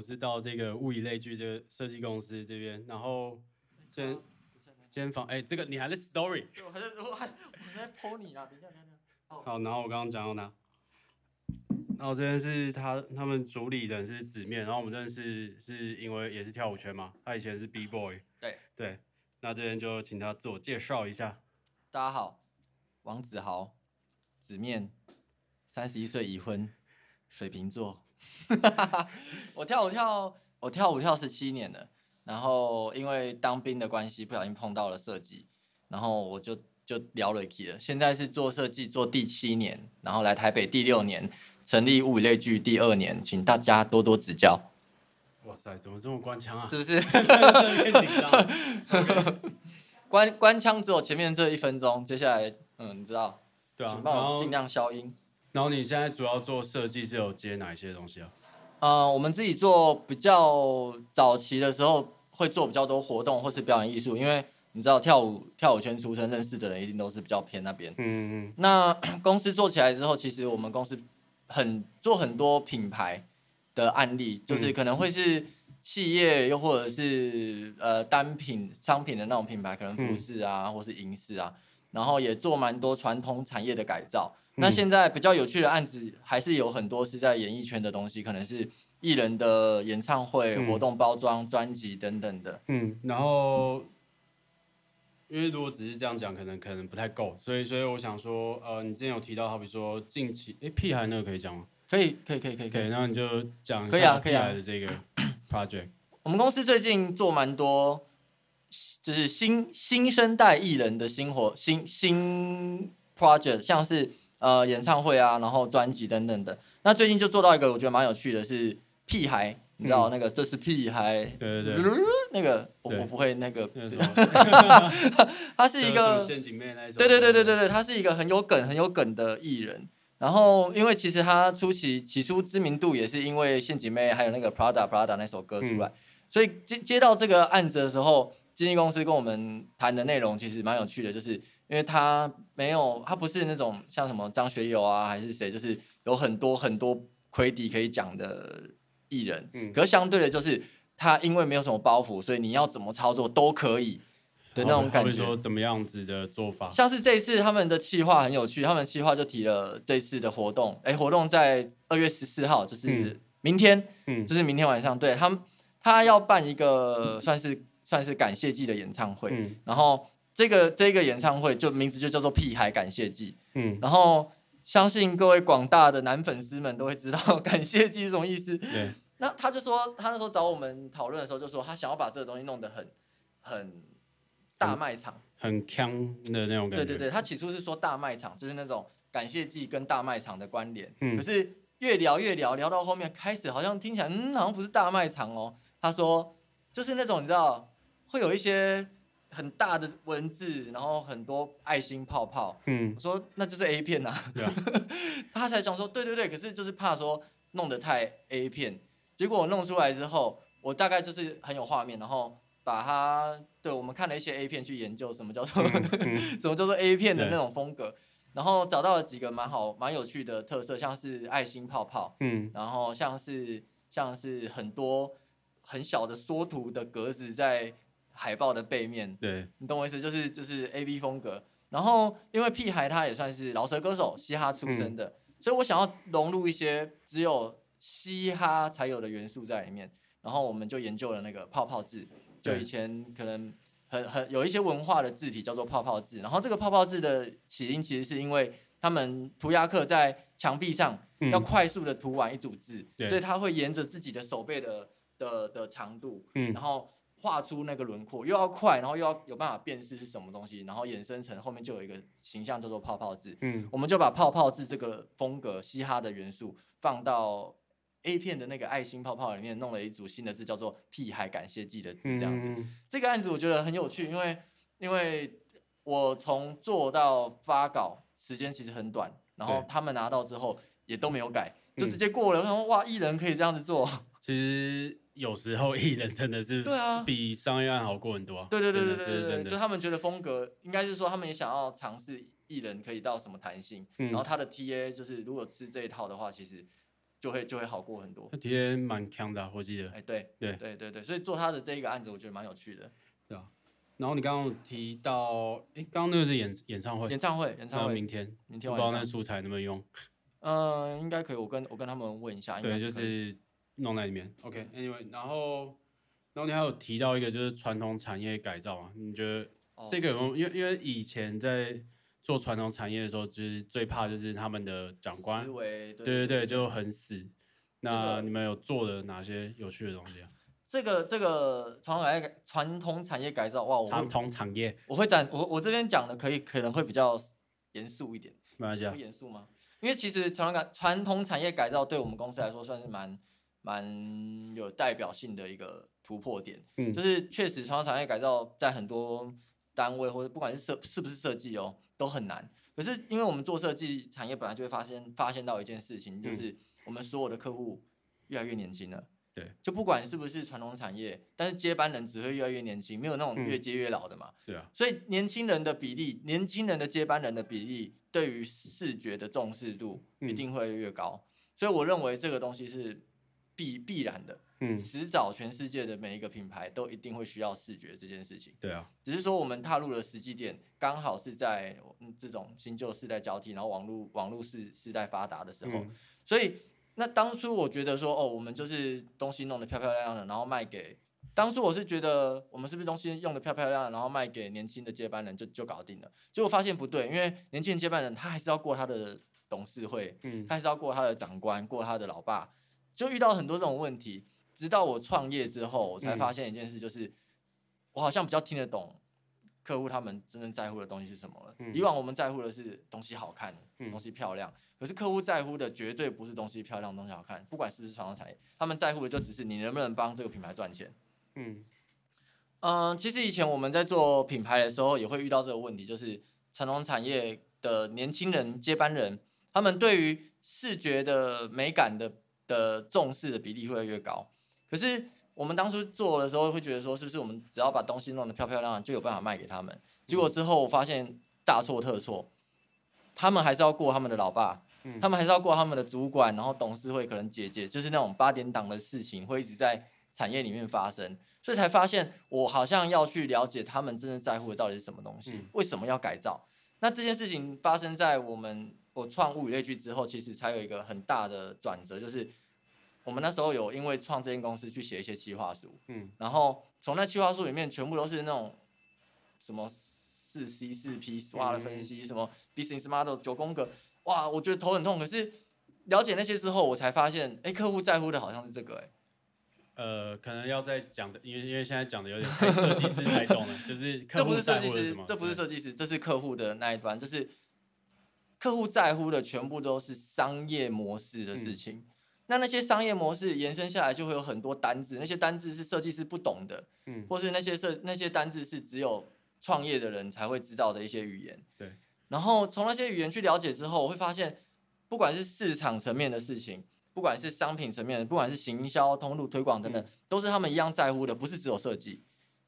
我是到這個物以類聚這個設計公司這邊，然後先先放哎、欸，這個你還在 story？我還在說，我，還我還在 po 你啊！等一下，等一下。好，好，然後我剛剛講到哪？然後這邊是他他們主理人是子面，然後我們認識是，是因為也是跳舞圈嘛，他以前是 b boy，對。對對，那這邊就請他自我介紹一下。大家好，王子豪，子面，三十一歲，已婚，水瓶座。 我跳舞跳我跳舞跳十七年了，然後因為當兵的關係，不小心碰到了設計，然後我就就聊了起來。現在是做設計做第七年，然後來台北第六年，成立物以類聚第二年，請大家多多指教。哇塞，怎麼這麼官腔啊？是不是？ 緊張 okay. 官官腔只有前面這一分鐘，接下來嗯，你知道？對啊，請幫我盡量消音。然後你現在主要做設計是有接哪一些東西啊？呃，我們自己做比較早期的時候會做比較多活動或是表演藝術，因為你知道跳舞、跳舞圈出身，認識的人一定都是比較偏那邊。嗯嗯。那公司做起來之後，其實我們公司很做很多品牌的案例，就是可能會是企業，又或者是，嗯，呃單品商品的那種品牌，可能服飾啊，嗯，或是銀飾啊，然後也做蠻多傳統產業的改造。那現在比較有趣的案子還是有很多，是在演藝圈的東西，可能是藝人的演唱會、活動包裝、專輯、嗯、等等的。嗯，然後因為如果只是這樣講，可能可能不太夠，所以所以我想說，呃，你之前有提到，好比說近期，哎、欸、屁孩那個可以講嗎？可以，可以，可以，可以，可以。那你就講可以啊、可以啊、屁孩的這個 project。 我們公司最近做蠻多，就是新新生代藝人的新活、新新 project，像是。呃，演唱會啊，然後專輯等等的。那最近就做到一個我覺得蠻有趣的是，是屁孩，你知道、嗯、那個這是屁孩，那個我、哦、對我不會那個，他是一個陷阱妹那一對，對對對對，對他是一個很有梗很有梗的藝人。然後因為其實他出席起初知名度也是因為陷阱妹還有那個 Prada Prada 那首歌出來，嗯、所以接接到這個案子的時候，經紀公司跟我們談的內容其實蠻有趣的，就是。因為他沒有，他不是那種像什麼張學友啊，還是誰，就是有很多很多魁敵可以講的藝人。嗯、可是相對的，就是他因為沒有什麼包袱，所以你要怎麼操作都可以的那種感覺。或、哦、會說怎麼樣子的做法？像是這一次他們的企劃很有趣，他們企劃就提了這一次的活動。哎，活動在二月十四號，就是明天，嗯、就是明天晚上，對他們他要辦一個算是、嗯、算是感謝祭的演唱會，嗯、然後。這個這個演唱會就名字就叫做“屁孩感謝祭”，嗯、然後相信各位廣大的男粉絲們都會知道“感謝祭”是什麼意思。對那他就說，他那時候找我們討論的時候，就說他想要把這個東西弄得很很大賣場，嗯、很鏘的那種感覺。對對對，他起初是說大賣場，就是那種感謝祭跟大賣場的關聯。嗯、可是越聊越聊，聊到後面開始好像聽起來，嗯，好像不是大賣場哦。他說，就是那種你知道會有一些。很大的文字，然後很多愛心泡泡。嗯，我說那就是 A 片吶、對啊。Yeah. 他才想說，對對對，可是就是怕說弄得太 A 片。結果我弄出來之後，我大概就是很有畫面，然後把它，對我們看了一些 A 片去研究什麼叫做、嗯嗯、 什麼叫做 A 片的那種風格，Yeah. 然後找到了幾個蠻好蠻有趣的特色，像是愛心泡泡，嗯，然後像是像是很多很小的縮圖的格子在海報的背面，對，你懂我意思，就是就是 A B 風格。然後因為屁孩他也算是饒舌歌手、嘻哈出身的，嗯、所以我想要融入一些只有嘻哈才有的元素在裡面。然後我們就研究了那個泡泡字，就以前可能很很有一些文化的字體叫做泡泡字。然後這個泡泡字的起因其實是因為他們塗鴉客在牆壁上要快速的塗完一組字，嗯、所以他會沿着自己的手背的的的長度，嗯、然後。畫出那個輪廓，又要快，然後又要有辦法辨識是什麼東西，然後衍生成後面就有一個形象叫做泡泡字。嗯，我們就把泡泡字這個風格、嘻哈的元素放到 A 片的那個愛心泡泡裡面，弄了一組新的字，叫做“屁孩感謝祭”的字，這樣子。嗯、這個案子我覺得很有趣，因為因為我從做到發稿時間其實很短，然後他們拿到之後也都沒有改，對就直接過了。他說：“哇，藝人可以這樣子做。”其實。有時候藝人真的是對啊，比商業案好過很多、啊。對對對對對對，就是、就他們覺得風格應該是說，他們也想要嘗試藝人可以到什麼彈性。嗯、然後他的 TA 就是，如果吃這一套的話，其實就會就會好過很多。他 TA 蠻強的、啊，我記得。哎、欸，對對對對對，所以做他的這個案子，我覺得蠻有趣的。對啊，然後你剛剛有提到，哎、欸，剛剛那個是演演唱，演唱會，演唱會，演唱會，然後明天明天不知道那素材能不能用？嗯，應該可以，我跟我跟他們問一下。應該對，就是。弄在裡面，OK，Anyway，、okay, 然後，然後你還有提到一個就是傳統產業改造啊，你覺得這個有，有，哦、因為因為以前在做傳統產業的時候，就是最怕就是他們的長官，思維對對對，對對就很死。對對，那你們有做的哪些有趣的東西、啊這個？這個這個傳統產業改傳統產業改造哇，我們傳統產業，我會講我我這邊講的可以可能會比較嚴肅一點，沒關係啊，會嚴肅嗎？因為其實傳統改傳統產業改造對我們公司來說算是蠻。蠻有代表性的一個突破點，嗯、就是確實傳統產業改造在很多單位或者不管是設是不是設計哦，都很難。可是因為我們做設計產業，本來就會發現發現到一件事情，就是我們所有的客戶越來越年輕了，對、嗯，就不管是不是傳統產業，但是接班人只會越來越年輕，沒有那種越接越老的嘛，對啊、嗯。所以年輕人的比例，年輕人的接班人的比例，對於視覺的重視度一定會越高。嗯、所以我認為這個東西是。必必然的，嗯，遲早全世界的每一個品牌都一定會需要視覺這件事情。對啊，只是說我們踏入了時機點，剛好是在嗯這種新舊世代交替，然後網絡網絡世世代發達的時候。嗯、所以那當初我覺得說，哦，我們就是東西弄得漂漂亮亮的，然後賣給當初我是覺得我們是不是東西用得漂漂亮亮，然後賣給年輕的接班人就就搞定了。結果發現不對，因為年輕的接班人他還是要過他的董事會，嗯，他還是要過他的長官，過他的老爸。就遇到很多這種問題，直到我創業之後，我才發現一件事，就是、嗯、我好像比較聽得懂客戶他們真正在乎的東西是什麼了。嗯、以往我們在乎的是東西好看，嗯、東西漂亮，可是客戶在乎的絕對不是東西漂亮、東西好看，不管是不是傳統產業，他們在乎的就只是你能不能幫這個品牌賺錢。嗯、呃、其實以前我們在做品牌的時候也會遇到這個問題，就是傳統產業的年輕人接班人，他們對於視覺的美感的。的重視的比例會越高，可是我們當初做的時候，會覺得說，是不是我們只要把東西弄得漂漂亮亮，就有辦法賣給他們？嗯、結果之後我發現大錯特錯，他們還是要過他們的老爸，嗯、他們還是要過他們的主管，然後董事會可能姐姐，就是那種八點檔的事情，會一直在產業裡面發生，所以才發現我好像要去了解他們真的在乎的到底是什麼東西，嗯、為什麼要改造？那這件事情發生在我們。我創物以類聚之後，其實才有一個很大的轉折，就是我們那時候有因為創這間公司去寫一些企劃書，嗯、然後從那企劃書裡面全部都是那種什麼四 C 四 P 哇的分析，嗯嗯什麼 business model 九宮格，哇，我覺得頭很痛。可是了解那些之後，我才發現，哎，客戶在乎的好像是這個，欸，哎，呃，可能要再講的，因為因為現在講的有點設計師太懂了， 就是這不是設計師，這不是設計師，對這是客戶的那一端，就是。客戶在乎的全部都是商業模式的事情，嗯、那那些商業模式延伸下來就會有很多單字，那些單字是設計師不懂的，嗯、或是那些設那些單字是只有創業的人才會知道的一些語言。對，然後從那些語言去了解之後，我會發現，不管是市場層面的事情，嗯、不管是商品層面，不管是行銷通路推廣等等，嗯、都是他們一樣在乎的，不是只有設計。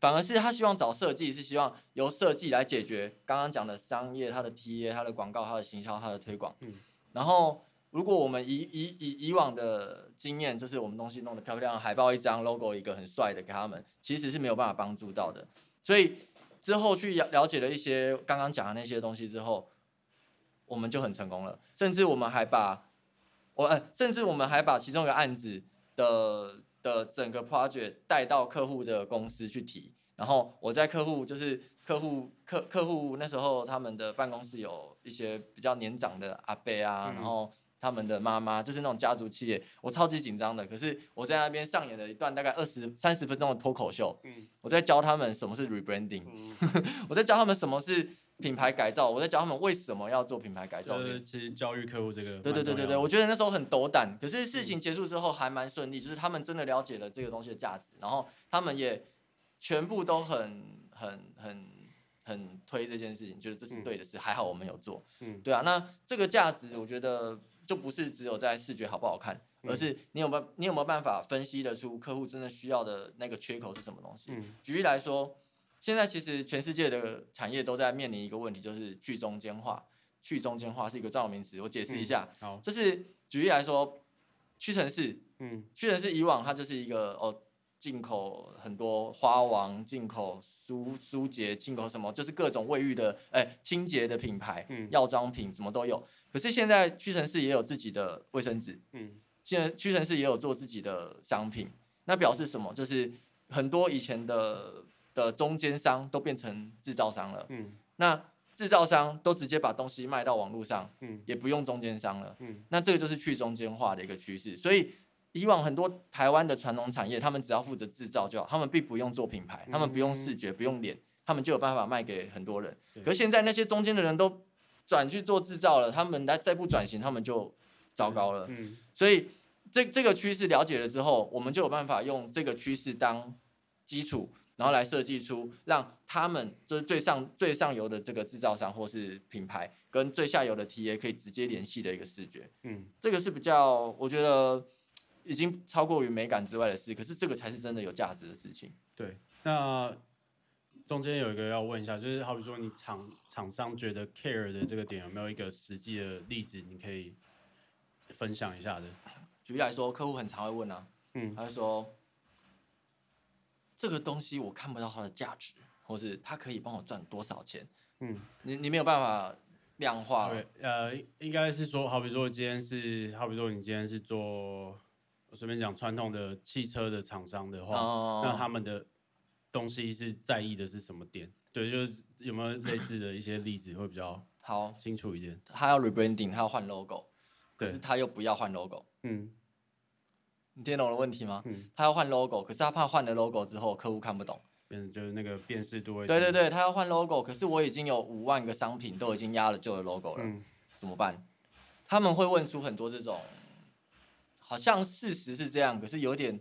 反而是他希望找設計，是希望由設計來解決剛剛講的商業、它的 TA、它的廣告、它的行銷、它的推廣。嗯，然後如果我們以以以以往的經驗，就是我們東西弄得漂漂亮亮，海報一張，logo 一個很帥的給他們，其實是沒有辦法幫助到的。所以之後去了解了一些剛剛講的那些東西之後，我們就很成功了，甚至我們還把，我呃甚至我們還把其中一個案子的。的整個 project 帶到客戶的公司去提，然後我在客戶就是客戶客客戶那時候他們的辦公室有一些比較年長的阿伯啊，嗯、然後他們的媽媽就是那種家族企業，我超級緊張的，可是我在那邊上演了一段大概二十三十分鐘的脫口秀，嗯、我在教他們什麼是 rebranding，、嗯、 我在教他們什麼是。品牌改造，我在教他們為什麼要做品牌改造，對對對。其實教育客戶這個，對對對對對，我覺得那時候很斗膽，可是事情結束之後還蠻順利，嗯、就是他們真的了解了這個東西的價值，然後他們也全部都很很很很推這件事情，覺得這是對的事，嗯、還好我們有做。嗯，對啊，那這個價值我覺得就不是只有在視覺好不好看，而是你有沒有你有沒有辦法分析得出客戶真的需要的那個缺口是什麼東西？嗯、舉例來說。現在其實全世界的產業都在面臨一個問題，就是去中間化。去中間化是一個造名詞，我解釋一下。嗯、好，就是舉例來說，屈臣氏，嗯，屈臣氏以往它就是一個哦，進口很多花王進、進口舒舒潔、進口什麼，就是各種衛浴的哎、欸、清潔的品牌，嗯，藥妝品什麼都有。可是現在屈臣氏也有自己的衛生紙，嗯，現在屈,屈臣氏也有做自己的商品。那表示什麼？就是很多以前的。的中間商都變成製造商了，嗯，那製造商都直接把東西賣到網絡上，嗯，也不用中間商了，嗯，那這個就是去中間化的一個趨勢。所以以往很多台灣的傳統產業，嗯、他們只要負責製造就好，嗯、他們並不用做品牌，嗯嗯，他們不用視覺、不用臉，他們就有辦法賣給很多人。嗯、可現在那些中間的人都轉去做製造了，他們來再不轉型，他們就糟糕了。嗯，嗯，所以這這個趨勢了解了之後，我們就有辦法用這個趨勢當基礎。然後來設計出讓他們就是最上最上游的這個製造商或是品牌，跟最下游的 T A 可以直接聯繫的一個視覺，嗯，這個是比較我覺得已經超過於美感之外的事，可是這個才是真的有價值的事情。對，那中間有一個要問一下，就是好比說你廠廠商覺得 care 的這個點有沒有一個實際的例子，你可以分享一下的？舉例來說，客戶很常會問啊，嗯，他說。這個東西我看不到它的價值，或是它可以幫我賺多少錢？嗯，你你沒有辦法量化。對，呃，應該是說，好比說今天是，好比說你今天是做，我隨便講傳統的汽車的廠商的話，哦、那他們的東西是在意的是什麼點？對，就有沒有類似的一些例子 會比較好清楚一點？他要 rebranding，他要換 logo，可是他又不要換 logo，嗯。你聽懂了問題嗎？嗯、他要換 logo，可是他怕換了 logo 之後客戶看不懂，變就是那個辨識度。對對對，他要換 logo，可是我已經有五萬個商品都已經壓了舊的 logo 了，嗯、怎麼辦？他們會問出很多這種好像事實是這樣，可是有點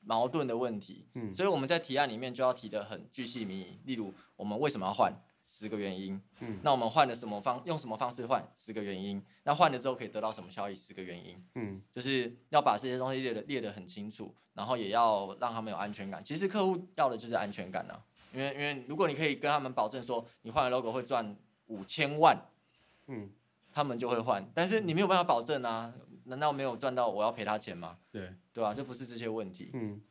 矛盾的問題。嗯、所以我們在提案裡面就要提得很巨細靡遺，例如我們為什麼要換？十個原因，嗯，那我們換了什麼方用什麼方式換？十個原因，那換了之後可以得到什麼效益？十個原因，嗯，就是要把這些東西列的列得很清楚，然後也要讓他們有安全感。其實客戶要的就是安全感啊。因為因為如果你可以跟他們保證說你換了 logo 會賺五千萬，嗯，他們就會換。但是你沒有辦法保證啊，難道沒有賺到我要賠他錢嗎？對，對吧、啊？這不是這些問題，嗯。嗯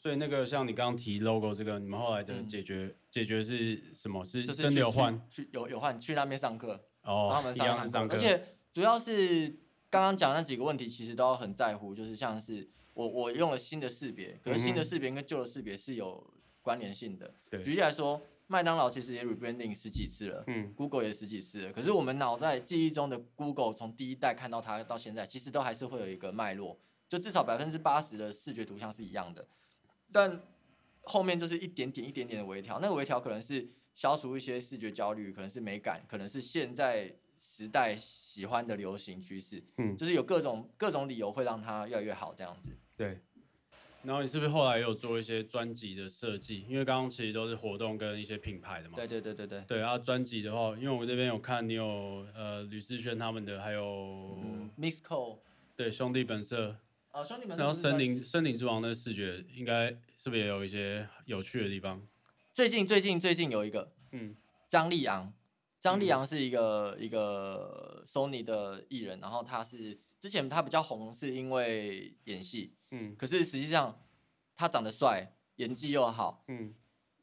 所以那個像你剛剛提 logo 這個，你們後來的解決、嗯、解決是什麼？是真的有換？去有有換？去那邊上課哦，他們上上課。而且主要是剛剛講那幾個問題，其實都很在乎，就是像是我我用了新的識別，可是新的識別跟舊的識別是有關聯性的。舉例、嗯、來說，麥對當勞其實也 rebranding 十幾次了，嗯，Google 也十幾次了，可是我們腦在記憶中的 Google 從第一代看到它到現在，其實都還是會有一個脈絡，就至少百分之八十的視覺圖像是一樣的。但後面就是一點點一點點的微調，那個、微調可能是消除一些視覺焦慮，可能是美感，可能是現在時代喜歡的流行趨勢，嗯，就是有各種各種理由會讓它越來越好這樣子。對。然後你是不是後來也有做一些專輯的設計？因為剛剛其實都是活動跟一些品牌的嘛。對對對對對。對啊，專輯的話，因為我們這邊有看你有呃呂、呃、士軒他們的，還有 Miss Ko。嗯、對，兄弟本色。哦、啊，兄弟們是是，然後《森林森林之王》的視覺應該是不是也有一些有趣的地方？最近最近最近有一個，嗯，張立昂，張立昂是一個、嗯、一個 Sony 的藝人，然後他是之前他比較紅是因為演戲，嗯，可是實際上他長得帥，演技又好，嗯，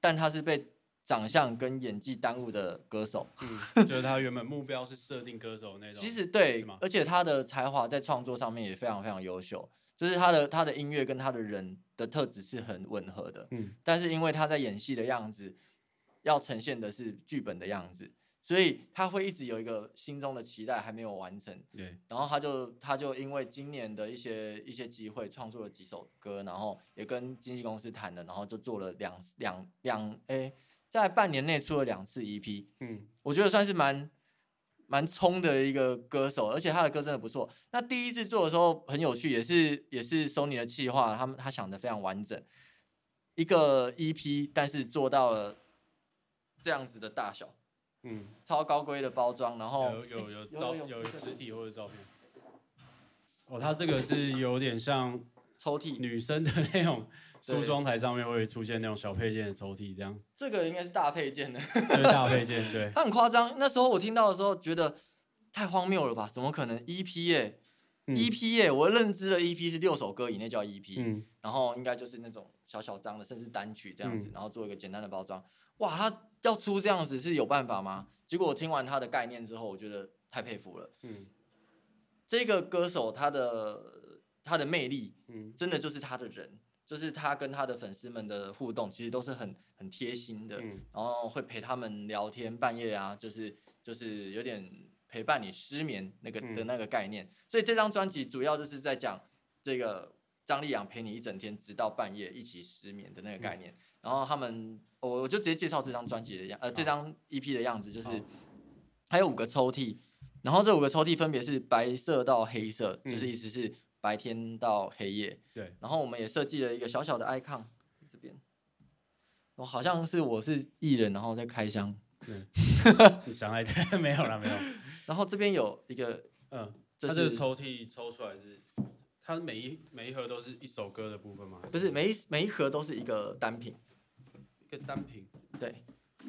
但他是被。長相跟演技耽誤的歌手，嗯，就是他原本目標是設定歌手的那種。 其實對，嗎而且他的才華在創作上面也非常非常優秀，就是他的他的音樂跟他的人的特質是很吻合的，嗯，但是因為他在演戲的樣子，要呈現的是劇本的樣子，所以他會一直有一個心中的期待還沒有完成，對。然後他就他就因為今年的一些一些機會，創作了幾首歌，然後也跟經紀公司談了，然後就做了兩兩兩，欸，在半年內出了兩次 EP，嗯，我覺得算是蠻蠻衝的一個歌手，而且他的歌真的不錯。那第一次做的時候很有趣，也是也是 Sony 的企劃，他們他想的非常完整，一個 EP，但是做到了這樣子的大小，嗯，超高規的包裝，然後有有有有有，有,對有實體或者照片，對哦，他這個是有點像抽屜女生的那種。梳妝對台上面會出現那種小配件的抽屜，這樣，這個應該是大配件的，對 大配件，對，他很誇張。那時候我聽到的時候，覺得太荒謬了吧？怎麼可能 EP 耶、欸嗯、？EP 耶、欸？我認知的 EP 是六首歌以內叫 EP，、嗯、然後應該就是那種小小張的，甚至單曲這樣子，嗯、然後做一個簡單的包裝。哇，他要出這樣子是有辦法嗎？結果我聽完他的概念之後，我覺得太佩服了。嗯、這個歌手他的他的魅力，嗯、真的就是他的人。就是他跟他的粉絲們的互動，其實都是很很貼心的，嗯、然後會陪他們聊天，半夜啊，就是就是有點陪伴你失眠那個、嗯、的那個概念。所以這張專輯主要就是在講這個張立昂陪你一整天，直到半夜一起失眠的那個概念。嗯、然後他們，我我就直接介紹這張專輯的樣，嗯、呃，這張 EP 的樣子，就是、嗯、還有五個抽屜，然後這五個抽屜分別是白色到黑色，嗯、就是意思是。白天到黑夜，對。然後我們也設計了一個小小的 icon，這邊，哦，好像是我是藝人，然後在開箱。對 你想愛的沒有了，沒有。然後這邊有一個，嗯，這是它這個抽屜抽出來是，它每一每一盒都是一首歌的部分嗎？不是，每一每一盒都是一個單品。一個單品，對，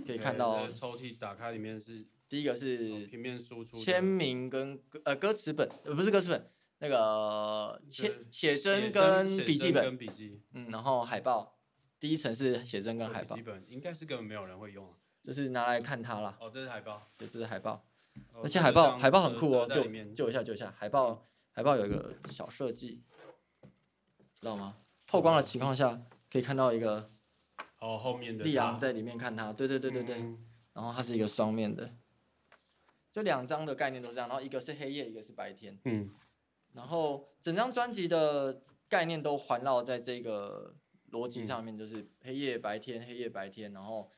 可以看到 okay, 抽屜打開裡面是，第一個是平面輸出，簽名跟，呃，歌詞本，呃，不是歌詞本。那個寫寫真跟筆記本，嗯，然後海報，第一層是寫真跟海報，本應該是根本沒有人會用啊，就是拿來看它啦。哦，這是海報，對，這是海報。而且海報海報很酷哦，就就一下就一下，海報海報有一個小設計，知道嗎？透光的情況下可以看到一個哦，後面的立昂在裡面看它，對對對對對。然後它是一個雙面的，就兩張的概念都這樣，然後一個是黑夜，一個是白天，嗯。然後整張專輯的概念都環繞在這個邏輯上面，嗯、就是黑夜白天、黑夜、白天，然後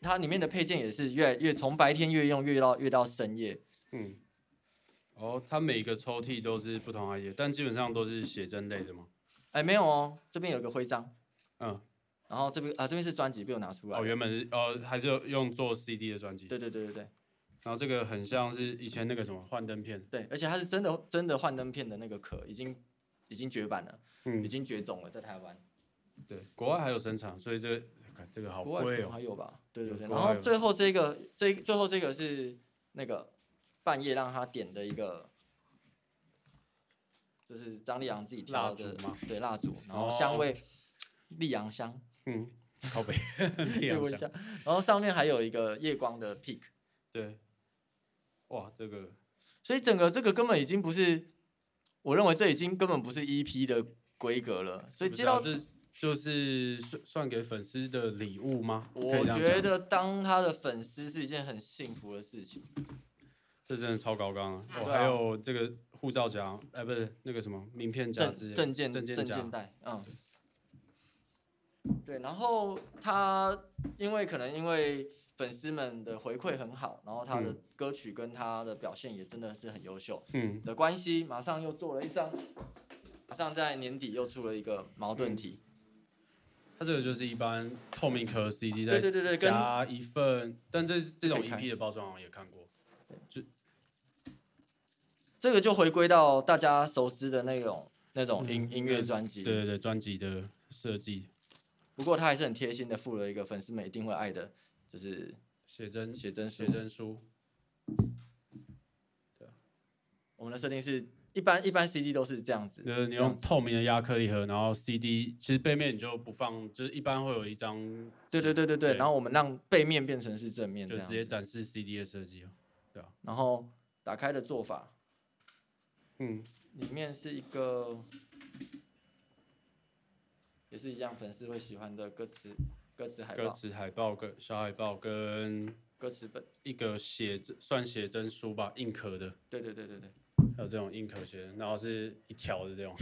它裡面的配件也是越越從白天越用越到越到深夜。嗯，哦，它每個抽屜都是不同行業，但基本上都是寫真類的嗎？哎，沒有哦，這邊有個徽章。嗯，然後這邊啊，這邊是專輯被我拿出來。哦，原本是呃、哦、還是用做 CD 的專輯？對對對對對。然後這個很像是以前那個什麼幻燈片，對，而且它是真的真的幻燈片的那個殼，已經已經絕版了，嗯、已經絕種了，在台灣。對，國外還有生產，所以這這個好貴哦。國外還有吧？有對對對。然後最後這個這最，最後這個是那個半夜讓他點的一個，這是張立昂自己挑的，對，蠟燭，然後香味，立昂、哦、香，嗯，靠北，立 昂香。 然後上面還有一個夜光的 pick，對。哇，這個，所以整個這個根本已經不是，我認為這已經根本不是 EP 的規格了。所以接到，啊，這就是算算給粉絲的禮物嗎？我覺得當他的粉絲是一件很幸福的事情。這真的超高剛哦，啊，啊，還有這個護照夾，哎，不是那個什麼名片夾，證件證件證件夾，嗯，對。然後他因為可能因為。粉絲們的回饋很好，然後他的歌曲跟他的表現也真的是很優秀。嗯，的關係馬上又做了一張，馬上在年底又出了一個矛盾體。他、嗯、這個就是一般透明殼 CD，對、啊、對對對，拿一份，但這這種 EP 的包裝我也看過。就這個就回歸到大家熟知的那種那種音、嗯、音樂專輯，對對對，專輯的設計。不過他還是很貼心的，附了一個粉絲們一定會愛的。就是寫真、寫真、寫真書。真書。對，我們的設定是，一般一般 CD 都是這樣子，就是你用透明的亞克力盒，然後 CD 其實背面你就不放，就是一般會有一張。對對對對對，對，然後我們讓背面變成是正面，就直接展示 CD 的設計。對，然後打開的做法，嗯，裡面是一個，也是一樣，粉絲會喜歡的歌詞。歌詞海報、歌詞海報跟小海報跟歌詞本，一個寫真算寫真書吧，硬殼的。對對對對對，還有這種硬殼寫真，然後是一條的這種。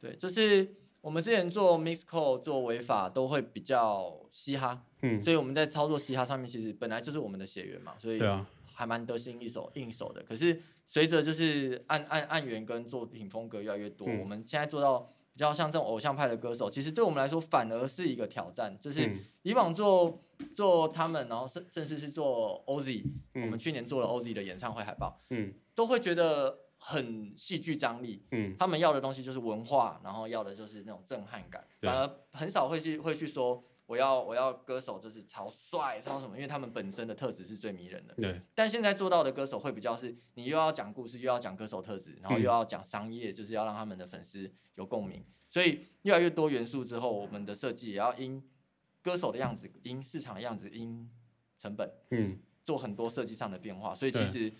對，就是我們之前做 Miss Ko 做違法都會比較嘻哈，嗯、所以我們在操作嘻哈上面其實本來就是我們的血緣嘛，所以還蠻得心應手應手的。可是隨着就是案案案源跟作品風格越來越多，嗯、我們現在做到。比較像這種偶像派的歌手，其實對我們來說反而是一個挑戰。嗯、就是以往做做他們，然後甚甚至是做 ozi，嗯、我們去年做了 ozi 的演唱會海報，嗯、都會覺得很戲劇張力。嗯、他們要的東西就是文化，然後要的就是那種震撼感，對反而很少會去會去說。我要我要歌手就是超帥，超什麼？因為他們本身的特質是最迷人的。對。但現在做到的歌手會比較是，你又要講故事，又要講歌手特質，然後又要講商業，嗯、就是要讓他們的粉絲有共鳴。所以越來越多元素之後，我們的設計也要因歌手的樣子、因市場的樣子、因成本，嗯，做很多設計上的變化。所以其實對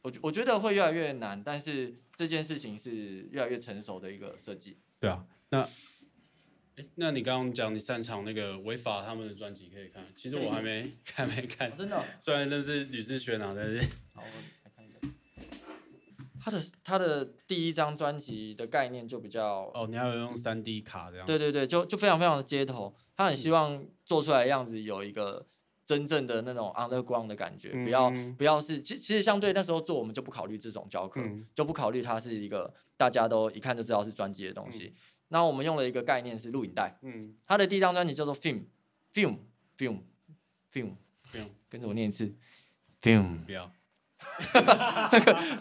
我我覺得會越來越難，但是這件事情是越來越成熟的一個設計。對啊，那。那你剛剛講，你擅長那個違法他們的專輯可以看，其實我還沒看對沒看，哦、真的、哦。雖然認識呂士軒拿、啊、但是好，他的他的第一張專輯的概念就比較哦，你要有用三 D 卡這樣、嗯。對對對，就就非常非常的街頭。他很希望做出來的樣子有一個真正的那種 underground 的感覺，嗯、不要不要是。其其實相對那時候做，我們就不考慮這種教科、嗯、就不考慮它是一個大家都一看就知道是專輯的東西。嗯那我們用了一個概念是錄影帶，嗯，他的第一張專輯叫做 Film，Film，Film，Film，Film，Film 跟着我念一次，Film，不要，哈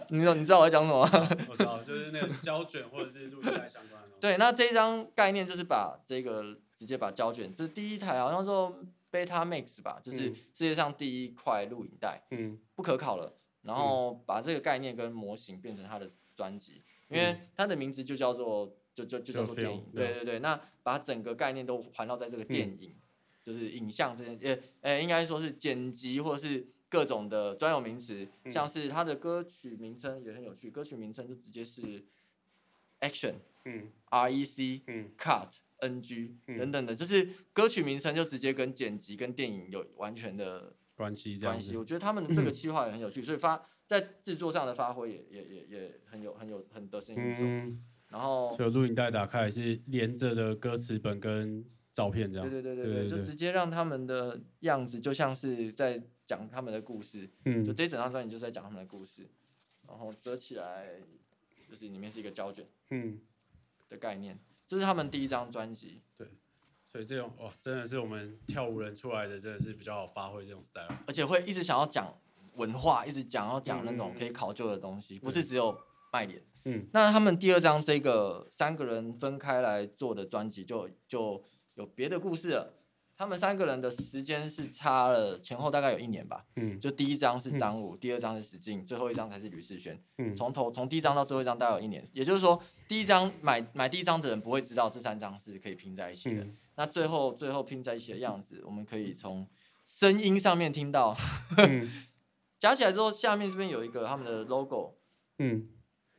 你知道你知道我在講什麼嗎？我知道，就是那種膠卷或者是錄影帶相關的東西。 對，那這一張概念就是把這個直接把膠卷，這是第一台，好像說 Beta Max 吧，就是世界上第一塊錄影帶，嗯，不可考了。然後把這個概念跟模型變成他的專輯，嗯，因為他的名字就叫做。就就就叫做電影，對對對。那把整個概念都環繞在這個電影，就是影像之間，呃應該說是剪輯或是各種的專有名詞，像是他的歌曲名稱也很有趣，歌曲名稱就直接是 action，嗯，rec，嗯，cut，ng，等等的，就是歌曲名稱就直接跟剪輯跟電影有完全的關係關係。我覺得他們這個企劃也很有趣，所以發在製作上的發揮也也也也很有很有很得心應手。然後就錄影帶打開也是連着的歌詞本跟照片這樣，對對對對對，就直接讓他們的樣子就像是在講他們的故事，嗯，就這一整張專輯就在講他們的故事，然後折起來就是裡面是一個膠卷，嗯，的概念，嗯，這是他們第一張專輯，對，所以這種哇真的是我們跳舞人出來的真的是比較好發揮這種 style，而且會一直想要講文化，一直講要講那種可以考究的東西，嗯，不是只有。賣點，臉嗯，那他們第二張這個三個人分開來做的專輯，就就有別的故事。了。他們三個人的時間是差了前後大概有一年吧，嗯，就第一張是張宇、嗯，第二張是史進，最後一張才是呂世萱，嗯，從頭從第一張到最後一張大概有一年，也就是說第一張買買第一張的人不會知道這三張是可以拼在一起的。嗯、那最後最後拼在一起的樣子，我們可以從聲音上面聽到，夾、嗯、 起來之後下面這邊有一個他們的 logo，嗯。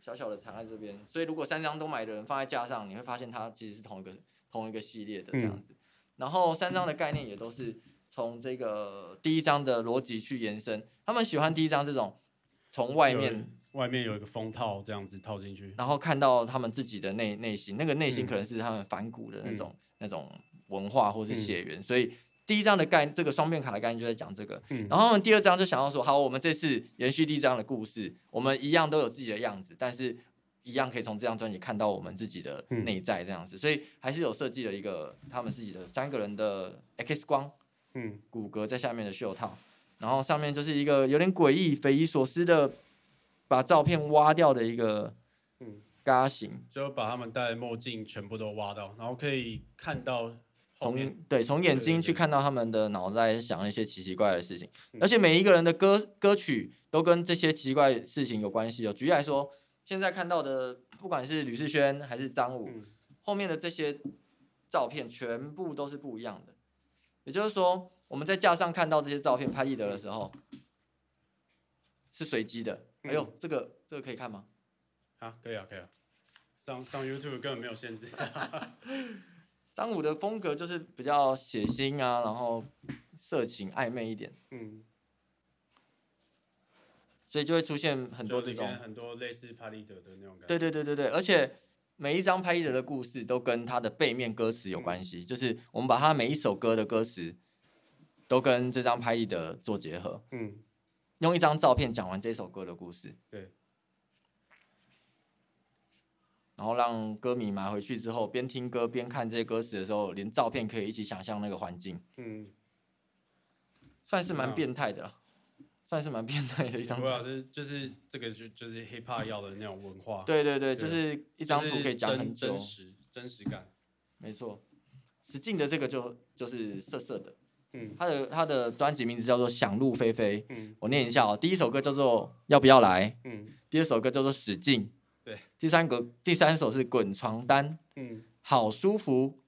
小小的藏在這邊，所以如果三張都買的人放在架上，你會發現它其實是同一個同一個系列的這樣子。嗯、然後三張的概念也都是從這個第一張的邏輯去延伸。他們喜歡第一張這種從外面外面有一個封套這樣子套進去，然後看到他們自己的內、嗯、內心，那個內心可能是他們反骨的那種、嗯、那種文化或是血緣，嗯、所以。第一章的概念，這個雙面卡的概念就在講這個，嗯，然後呢，第二章就想要說，好，我們這次延續第一章的故事，我們一樣都有自己的樣子，但是一樣可以從這張專輯看到我們自己的內在這樣子，嗯，所以還是有設計了一個他們自己的三個人的 X 光，嗯，骨骼在下面的袖套，然後上面就是一個有點詭異、匪夷所思的把照片挖掉的一個，嗯，嘎型，就把他們戴的墨鏡全部都挖到，然後可以看到。從對從眼睛，去看到他們的腦袋，想一些奇奇怪怪的事情，嗯、而且每一個人的歌歌曲都跟這些奇怪的事情有關係哦。舉例來說，現在看到的不管是呂士軒還是張武，嗯、後面的這些照片全部都是不一樣的。也就是說，我們在架上看到這些照片拍立得的時候是隨機的。哎呦，嗯、這個這個可以看嗎？好，可以啊，可以啊，上上 YouTube 根本沒有限制。 張五的風格就是比較血腥啊，然後色情曖昧一點，嗯，所以就會出現很多這種，很多類似拍立得的那種感覺，對對對對對，而且每一張拍立得的故事都跟它的背面歌詞有關係，嗯、就是我們把它每一首歌的歌詞都跟這張拍立得做結合，嗯，用一張照片講完這首歌的故事，對。然後讓歌迷買回去之後，邊聽歌邊看這些歌詞的時候，連照片可以一起想象那個環境，嗯，算是蠻變態的、啊，有算是蠻變態的一張圖，就是就是這個就就是 hiphop、就是、要的那種文化，對對對，對就是一張圖可以講很真，真實真實感，沒錯。使勁的這個就就是色色的，嗯，他的他的專輯名字叫做《想入非非》，嗯、我念一下哦，第一首歌叫做《要不要來》，嗯，第二首歌叫做《使勁》。對，第三個第三首是滾床單，嗯，好舒服，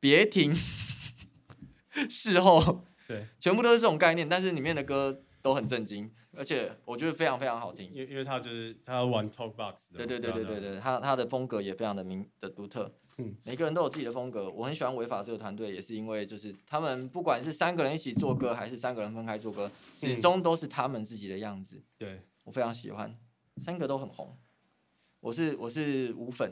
別停。 事後，對，全部都是這種概念，但是裡面的歌都很震驚，而且我覺得非常非常好聽。因因為他就是他玩 talk box，的對，對對對對對對，他他的風格也非常的明的獨特。嗯，每個人都有自己的風格，我很喜歡違法這個團隊，也是因為就是他們不管是三個人一起做歌，還是三個人分開做歌，始終都是他們自己的樣子。對、嗯，我非常喜歡，三個都很紅。我是我是無粉，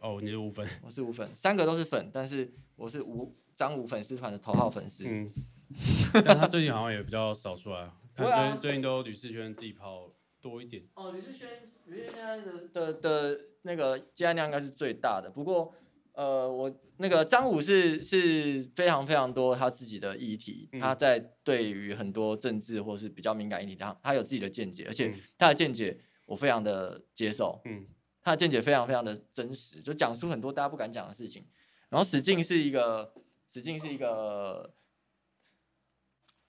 哦，你是五粉，我是五粉，三個都是粉，但是我是五張武粉絲團的頭號粉絲。嗯、 但他最近好像也比較少出來， 最近、啊、最近都呂士軒自己跑多一點。哦，呂士軒，呂士軒的的的，的那個接案量應該是最大的。不過，呃，我那個張武是是非常非常多他自己的議題，嗯、他在對於很多政治或是比較敏感議題，他他有自己的見解，而且他的見解我非常的接受。嗯。他的見解非常非常的真實，就講出很多大家不敢講的事情。然後史進是一個，史進是一個，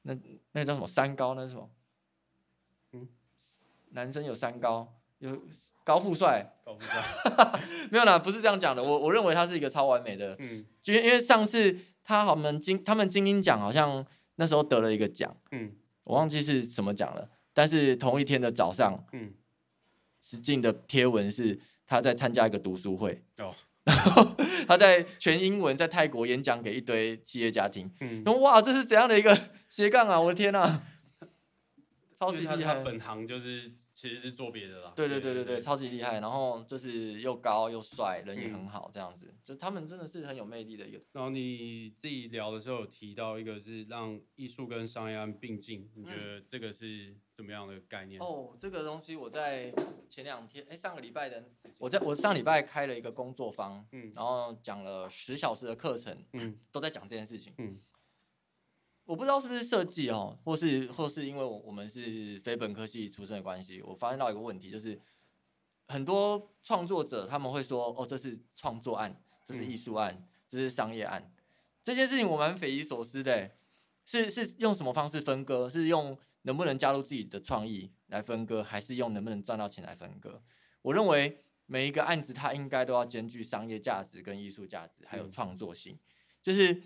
那那個，叫什麼三高？那是、個、什麼？嗯、男生有三高，有高富帥。高富帥 沒有啦，不是這樣講的。我我認為他是一個超完美的。嗯、就因為因為上次他好們金他們精英獎好像那時候得了一個獎，嗯、我忘記是什麼獎了。但是同一天的早上，嗯石進的貼文是他在參加一個讀書會，oh. 他在全英文在泰國演講給一堆企業家聽，嗯，哇，這是怎樣的一個斜槓啊！我的天吶、啊，超級厲害。本行就是。其實是做別的啦，對對對對，對對對，超級厲害，然後就是又高又帥，人也很好，這樣子，嗯、就他們真的是很有魅力的。然後你自己聊的時候有提到一個是讓藝術跟商業並進，嗯、你覺得這個是怎麼樣的概念？哦，這個東西我在前兩天，哎、欸，上個禮拜的我，我在我上禮拜開了一個工作坊，嗯、然後講了十小時的課程，嗯，都在講這件事情，嗯。我不知道是不是設計哦，或是或是因為我我們是非本科系出身的關係，我發現到一個問題，就是很多創作者他們會說：“哦，這是創作案，這是藝術案，嗯、這是商業案。”這件事情我蠻匪夷所思的耶，是是用什麼方式分割？是用能不能加入自己的創意來分割，還是用能不能賺到錢來分割？我認為每一個案子它應該都要兼具商業價值、跟藝術價值，還有創作性，嗯、就是。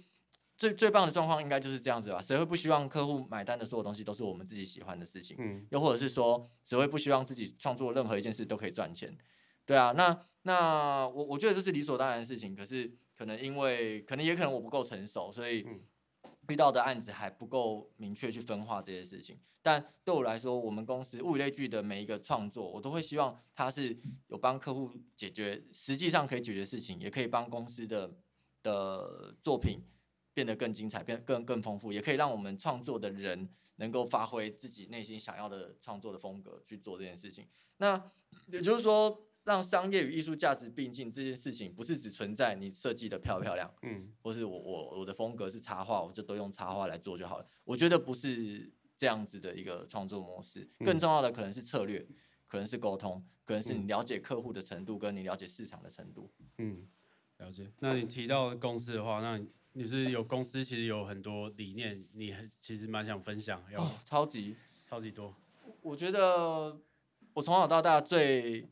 最最棒的狀況應該就是這樣子吧？誰會不希望客戶買單的所有東西都是我們自己喜歡的事情？嗯，又或者是說，誰會不希望自己創作任何一件事都可以賺錢？對啊，那那我我覺得這是理所當然的事情。可是可能因為可能也可能我不夠成熟，所以遇到的案子還不夠明確去分化這些事情。但對我來說，我們公司物以類聚的每一個創作，我都會希望它是有幫客戶解決實際上可以解決的事情，也可以幫公司的的作品，變得更精彩，變得更更豐富，也可以讓我們創作的人能夠發揮自己內心想要的創作的風格去做這件事情。那也就是說，讓商業與藝術價值並進這件事情，不是只存在你設計的漂不漂亮，嗯，或是我我我的風格是插畫，我就都用插畫來做就好了。我覺得不是這樣子的一個創作模式，更重要的可能是策略，可能是溝通，可能是你了解客戶的程度跟你了解市場的程度，嗯，了解。那你提到公司的話，那你你是有公司，其實有很多理念，你其實蠻想分享。有、哦、超級超級多。我覺得我從小到大最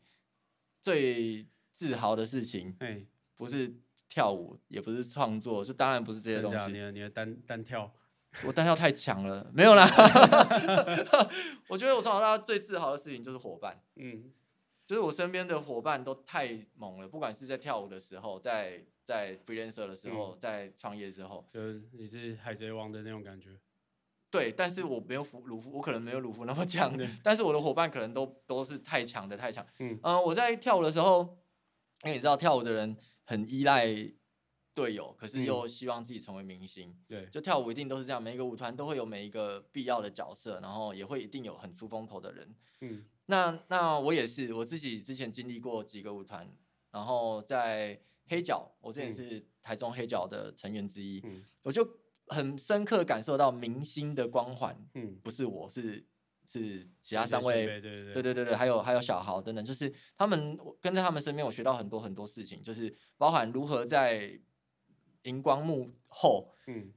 最自豪的事情，欸、不是跳舞，也不是創作，就當然不是這些東西。你的你的單單跳，我單跳太強了，沒有啦。 我覺得我從小到大最自豪的事情就是夥伴，嗯，就是我身邊的夥伴都太猛了，不管是在跳舞的時候，在。在 freelancer 的時候，嗯、在創業之後，就你是海賊王的那種感覺，對，但是我沒有福魯夫，我可能沒有魯夫那麼強，嗯、但是我的夥伴可能都都是太強的，太強。嗯、呃、我在跳舞的時候，因為你知道跳舞的人很依賴隊友，可是又希望自己成為明星。對、嗯，就跳舞一定都是這樣，每一個舞團都會有每一個必要的角色，然後也會一定有很出風頭的人。嗯，那那我也是，我自己之前經歷過幾個舞團，然後在。黑角，我之前是台中黑角的成員之一，嗯、我就很深刻感受到明星的光環。嗯、不是我是，是是其他三位，嗯、對，對，對對對對，對對對對還有、嗯、還有小豪等等，就是他們跟在他們身邊，我學到很多很多事情，就是包含如何在熒光幕後嗯、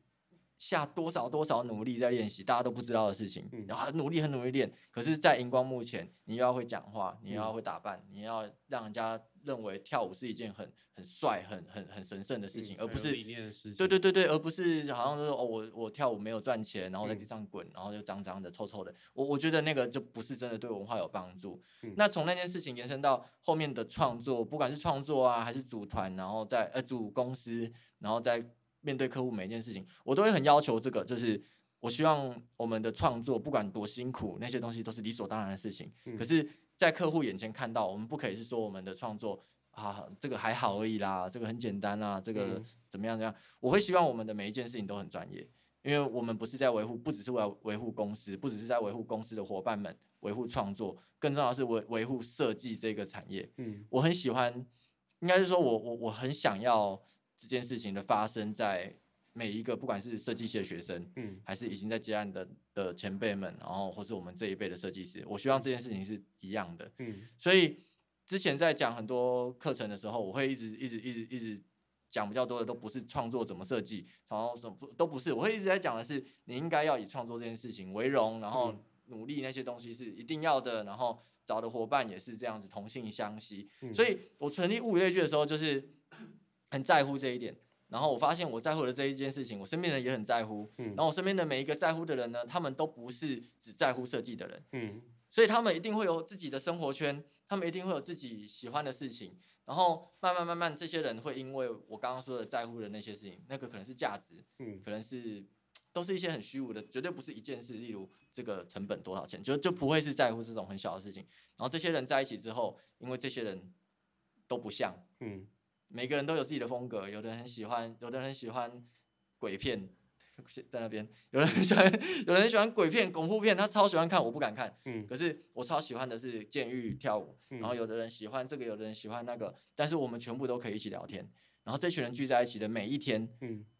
下多少多少努力在練習、嗯、大家都不知道的事情，嗯、然後努力很努力練，可是，在熒光幕前，你又要會講話，你又要會打扮，嗯、你要讓人家。認為跳舞是一件很很帥、很很很、很神聖的事情，嗯、的事情而不是對對對對，而不是好像說、就是、哦，我我跳舞沒有賺錢，然後在地上滾，嗯、然後就髒髒的、臭臭的。我我覺得那個就不是真的對文化有幫助。嗯、那從那件事情延伸到後面的創作，不管是創作啊，還是組團，然後再呃組公司，然後再面對客戶每一件事情，我都會很要求這個，就是我希望我們的創作不管多辛苦，那些東西都是理所當然的事情。嗯、可是。在客戶眼前看到，我們不可以是說我們的創作啊，這個還好而已啦，這個很簡單啦，啊，這個怎麼樣？怎麼樣？我會希望我們的每一件事情都很專業，因為我們不是在維護，不只是為了維護公司，不只是在維護公司的夥伴們，維護創作，更重要的是維維護設計這個產業。嗯，我很喜歡，應該是說我我我很想要這件事情的發生在。每一個不管是設計系的學生，嗯，還是已經在接案的的前輩們，然後或是我們這一輩的設計師，我希望這件事情是一樣的，嗯。所以之前在講很多課程的時候，我會一直一直一直一直講比較多的都不是創作怎麼設計，然後怎麼都不是，我會一直在講的是你應該要以創作這件事情為榮，然後努力那些東西是一定要的，然後找的夥伴也是這樣子同性相吸，所以我成立物以類聚的時候就是很在乎這一點。然後我發現我在乎的這一件事情，我身邊人也很在乎。嗯、然後我身邊的每一個在乎的人呢，他們都不是只在乎設計的人，嗯，所以他們一定會有自己的生活圈，他們一定會有自己喜歡的事情。然後慢慢慢慢，這些人會因為我剛剛說的在乎的那些事情，那個可能是價值，嗯，可能是都是一些很虛無的，絕對不是一件事。例如這個成本多少錢，就就不會是在乎這種很小的事情。然後這些人在一起之後，因為這些人都不像，嗯每個人都有自己的風格，有的人很喜歡，有的人很喜歡鬼片， 在那邊，有的人喜歡，有的人喜歡鬼片、恐怖片，他超喜歡看，我不敢看。嗯、可是我超喜歡的是監獄跳舞。嗯、然後有的人喜歡這個，有的人喜歡那個，但是我們全部都可以一起聊天。然後這群人聚在一起的每一天，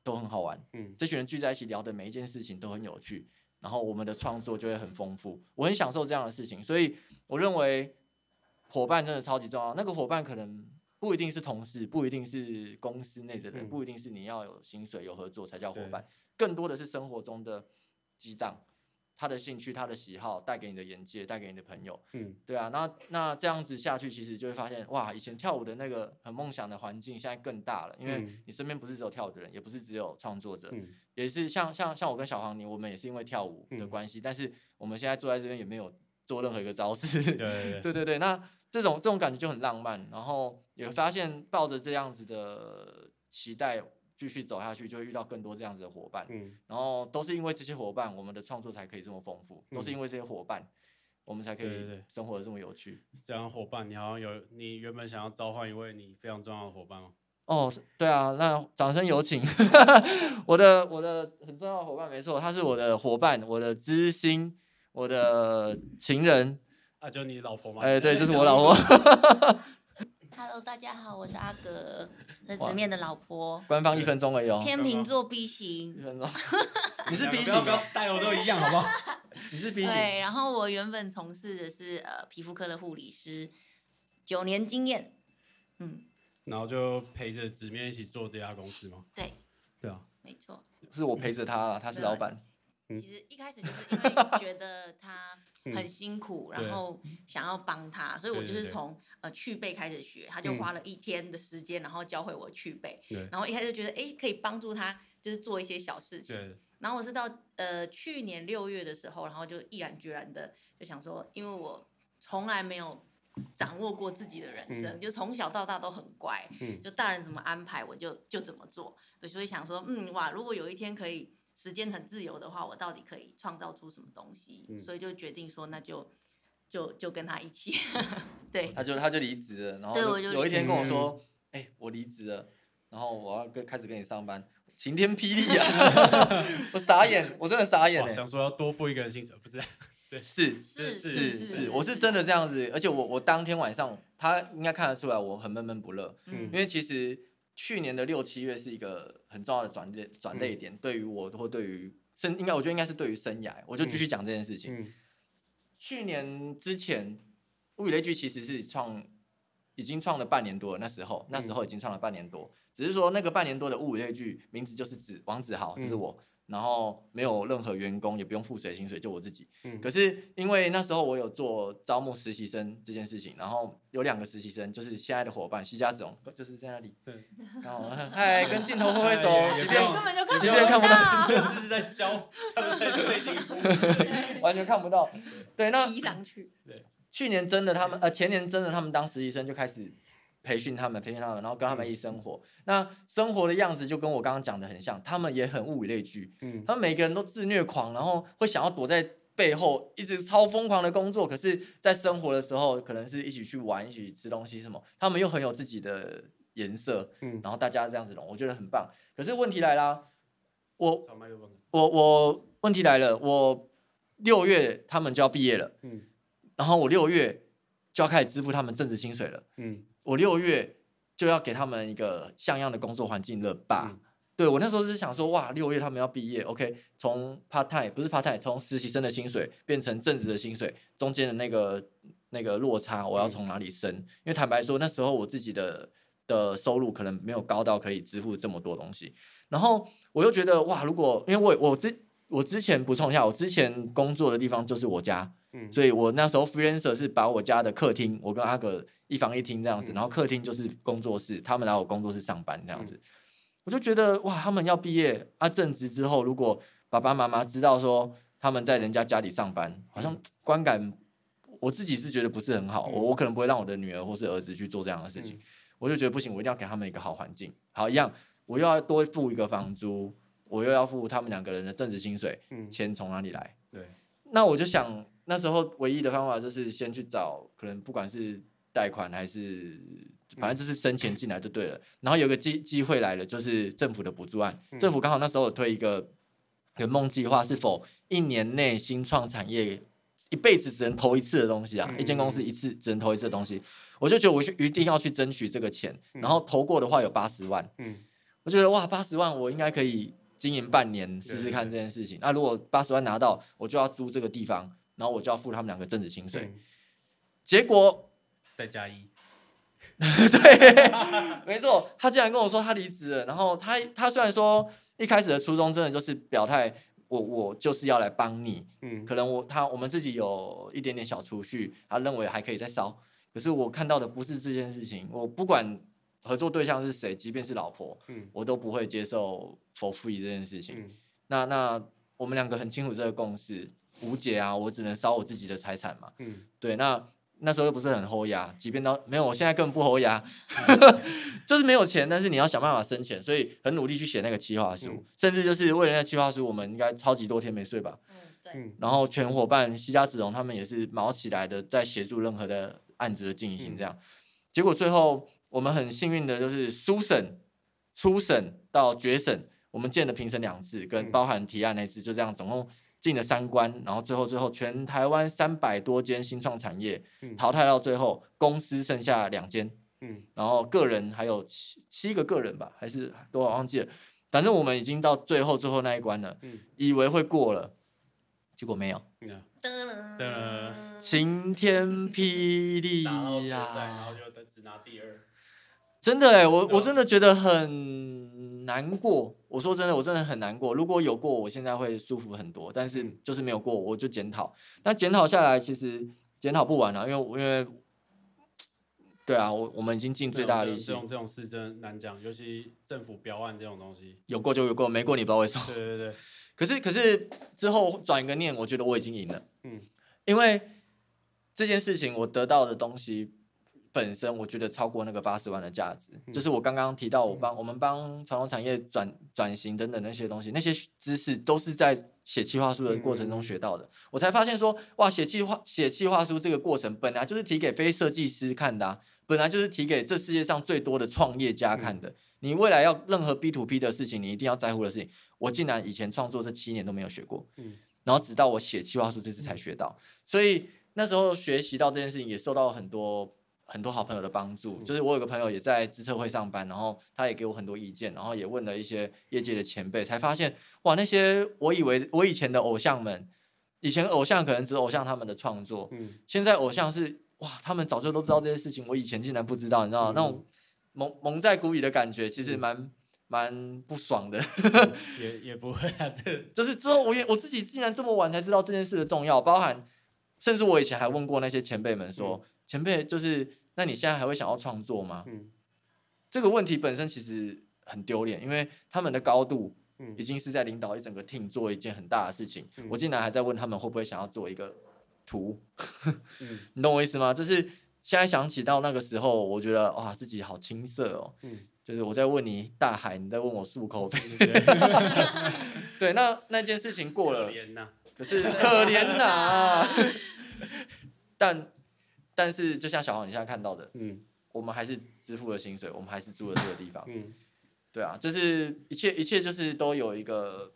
都很好玩。嗯嗯、這群人聚在一起聊的每一件事情都很有趣。然後我們的創作就會很豐富，我很享受這樣的事情，所以我認為夥伴真的超級重要。那個夥伴可能。不一定是同事，不一定是公司內的人，嗯、不一定是你要有薪水、有合作才叫夥伴。對更多的是生活中的激盪，他的興趣、他的喜好，帶給你的眼界，帶給你的朋友。嗯，對啊。那那這樣子下去，其實就會發現，哇，以前跳舞的那個很夢想的環境，現在更大了，因為你身邊不是只有跳舞的人，也不是只有創作者，嗯、也是像像像我跟小黃牛，我們也是因為跳舞的關係，嗯、但是我們現在坐在這邊也沒有做任何一個招式。對對對， 對對對，那。這種這種感覺就很浪漫，然後也發現抱着這樣子的期待繼續走下去，就會遇到更多這樣子的夥伴。嗯，然後都是因為這些夥伴，我們的創作才可以這麼豐富，嗯、都是因為這些夥伴，我們才可以生活的這麼有趣。這樣夥伴，你好像有你原本想要召喚一位你非常重要的夥伴嗎？哦，oh, 對啊，那掌聲有請 我的我的很重要的夥伴，沒錯，他是我的夥伴，我的知心，我的情人。啊，就你老婆嗎？哎，對，這是我老婆。Hello，大家好，我是阿格，是，子麵的老婆。官方一分鐘了喲。天秤座 B 型。一分鐘。你是 B 型，不要，帶我，都一樣，好不好？你是 B 型。對，然後我原本從事的是呃皮膚科的護理師，九年經驗。嗯。然後就陪着子麵一起做這家公司嗎？對。對啊，沒錯，是我陪着他，他是老板。其實一開始就是因為覺得他。嗯、很辛苦，然後想要幫他，對所以我就是從對對對呃去背開始學，他就花了一天的時間，嗯、然後教會我去背，對然後一開始覺得哎，可以幫助他，就是做一些小事情。對然後我是到呃去年六月的時候，然後就毅然決然的就想說，因為我從來沒有掌握過自己的人生，嗯、就從小到大都很乖，嗯、就大人怎麼安排我就就怎麼做，對，所以想說，嗯哇，如果有一天可以。時間很自由的話，我到底可以創造出什麼東西？嗯、所以就決定說，那就就就跟他一起。 對他，他就他就離職了，然後有一天跟我說：“哎，我離職了，嗯欸、了，然後我要跟開始跟你上班。”晴天霹靂啊！ 我傻眼，我真的傻眼嘞。想說要多付一個人的薪水，不是、啊？對，是是是是，我是真的這樣子。而且我我當天晚上，他應該看得出來我很悶悶不樂，嗯、因為其實。去年的六七月是一個很重要的轉變轉捩點，嗯、對於我或對於生，應該我覺得應該是對於生涯，我就繼續講這件事情。嗯嗯、去年之前，物以類聚其實是創，已經創了半年多了。那時候，嗯、那時候已經創了半年多，只是說那個半年多的物以類聚，名字就是指王子豪，就是我。嗯然後沒有任何員工，也不用付誰薪水，就我自己。可是因為那時候我有做招募實習生這件事情，然後有兩個實習生，就是現在的夥伴徐家總，就是在那裡。對，然後嗨，跟鏡頭揮揮手，即便根本就看不到，就是在教，完全看不到。對，那提上去。去年真的他們，呃，前年真的他們當實習生就開始。培訓他們，培訓他們，然後跟他們一起生活。嗯，那生活的樣子就跟我剛剛講的很像，他們也很物以類聚。嗯，他們每個人都自虐狂，然後會想要躲在背後，一直超瘋狂的工作。可是，在生活的時候，可能是一起去玩，一起吃東西什麼。他們又很有自己的顏色。嗯，然後大家這樣子融，我覺得很棒。可是問題來了，我我我問題來了，我六月他們就要畢業了，嗯，然後我六月就要開始支付他們正式薪水了，嗯。我六月就要給他們一個像樣的工作環境了吧？嗯、對我那時候是想說，哇，六月他們要畢業，OK，從 part time，不是 part time，從實習生的薪水變成正職的薪水，中間的那個那個落差，我要從哪裡升？嗯、因為坦白說，那時候我自己的的收入可能沒有高到可以支付這麼多東西。然後我又覺得，哇，如果因為我我之我，我之前補充一下，我之前工作的地方就是我家。所以，我那時候 freelancer 是把我家的客廳，我跟阿哥一房一廳這樣子，然後客廳就是工作室，他們來我工作室上班這樣子。我就覺得哇，他們要畢業啊，正職之後，如果爸爸媽媽知道說他們在人家家裡上班，好像觀感，我自己是覺得不是很好。我我可能不會讓我的女兒或是兒子去做這樣的事情。我就覺得不行，我一定要給他們一個好環境。好，一樣，我又要多付一個房租，我又要付他們兩個人的正職薪水，錢從哪裡來？對，那我就想。那時候唯一的方法就是先去找，可能不管是貸款還是，反正就是生錢進來就對了。嗯、然後有個機機會來了，就是政府的補助案。嗯、政府剛好那時候有推一個圓夢計劃，是否一年內新創產業一輩子只能投一次的東西啊？嗯、一間公司一次只能投一次的東西，嗯、我就覺得我一定要去爭取這個錢。嗯、然後投過的話有八十萬，嗯，我覺得哇，八十萬我應該可以經營半年試試看這件事情。對對對。那如果八十萬拿到，我就要租這個地方。然後我就要付他們兩個正職薪水，嗯、結果再加一， 對，沒錯，他竟然跟我說他離職了。然後他他雖然說一開始的初衷真的就是表態，我我就是要來幫你，嗯，可能我他我們自己有一點點小儲蓄，他認為還可以再燒。可是我看到的不是這件事情，我不管合作對象是誰，即便是老婆，嗯、我都不會接受 for free 這件事情。嗯、那那我們兩個很清楚這個共識。無解啊！我只能燒我自己的財產嘛。嗯，對，那那時候又不是很厚壓、啊，即便到沒有，我現在更不厚壓、啊，嗯、 就是沒有錢，但是你要想辦法生錢，所以很努力去寫那個企劃書，嗯、甚至就是為了那企劃書，我們應該超級多天沒睡吧？嗯，對。嗯、然後全夥伴西家子榮他們也是卯起來的，在協助任何的案子的進行，這樣、嗯、結果最後我們很幸運的就是書審、初審到決審，我們見了評審兩次，跟包含提案那次就這樣，總共。進了三關，然後最後最後，全台灣三百多間新創產業、嗯、淘汰到最後，公司剩下兩間，嗯，然後個人還有七七個個人吧，還是多少忘記了，反正我們已經到最後最後那一關了，嗯，以為會過了，結果沒有，沒了，晴天霹靂呀、啊！然後就只拿第二，真的哎、欸，我、嗯、我真的覺得很。難過，我說真的，我真的很難過。如果有過，我現在會舒服很多。但是就是沒有過，我就檢討。那檢討下來，其實檢討不完了啊，因為因為對啊，我我們已經盡最大的力氣。我這種事真難講，尤其政府標案這種東西，有過就有過，沒過你不知道為什麼。對對對。可是可是之後轉一個念，我覺得我已經贏了。嗯。因為這件事情，我得到的東西。本身我覺得超過那個八十萬的價值，嗯、就是我剛剛提到我幫、嗯、我們幫傳統產業轉轉型等等那些東西，那些知識都是在寫計劃書的過程中學到的。嗯、我才發現說，哇，寫計劃寫計劃書這個過程本來就是提給非設計師看的、啊，本來就是提給這世界上最多的創業家看的。嗯、你未來要任何 B to B 的事情，你一定要在乎的事情，我竟然以前創作這七年都沒有學過，嗯、然後直到我寫計劃書這次才學到。嗯、所以那時候學習到這件事情，也受到很多，很多好朋友的幫助，嗯、就是我有一個朋友也在知策會上班，然後他也給我很多意見，然後也問了一些業界的前輩，才發現哇，那些我以為我以前的偶像們，以前偶像可能只是偶像他們的創作，嗯，現在偶像是哇，他們早就都知道這些事情，嗯、我以前竟然不知道，你知道、嗯、那種蒙蒙在鼓裡的感覺，其實蠻蠻、嗯、不爽的，嗯、 也也不會啊，這就是之後我也我自己竟然這麼晚才知道這件事的重要，包含甚至我以前還問過那些前輩們說，嗯、前輩就是。那你現在還會想要創作嗎？嗯、這個問題本身其實很丟臉，因為他們的高度，已經是在領導一整個 team 做一件很大的事情。嗯、我竟然還在問他們會不會想要做一個圖， 嗯、你懂我意思嗎？就是現在想起到那個時候，我覺得哇，自己好青澀哦、喔。嗯、就是我在問你大海，你在問我漱口杯。 對， 對，那那件事情過了，可憐吶、啊，可是 可憐憐吶、啊。 但。但是，就像小黃你現在看到的，嗯，我們還是支付了薪水，我們還是租了這個地方，嗯，對啊，就是一切一切就是都有一個，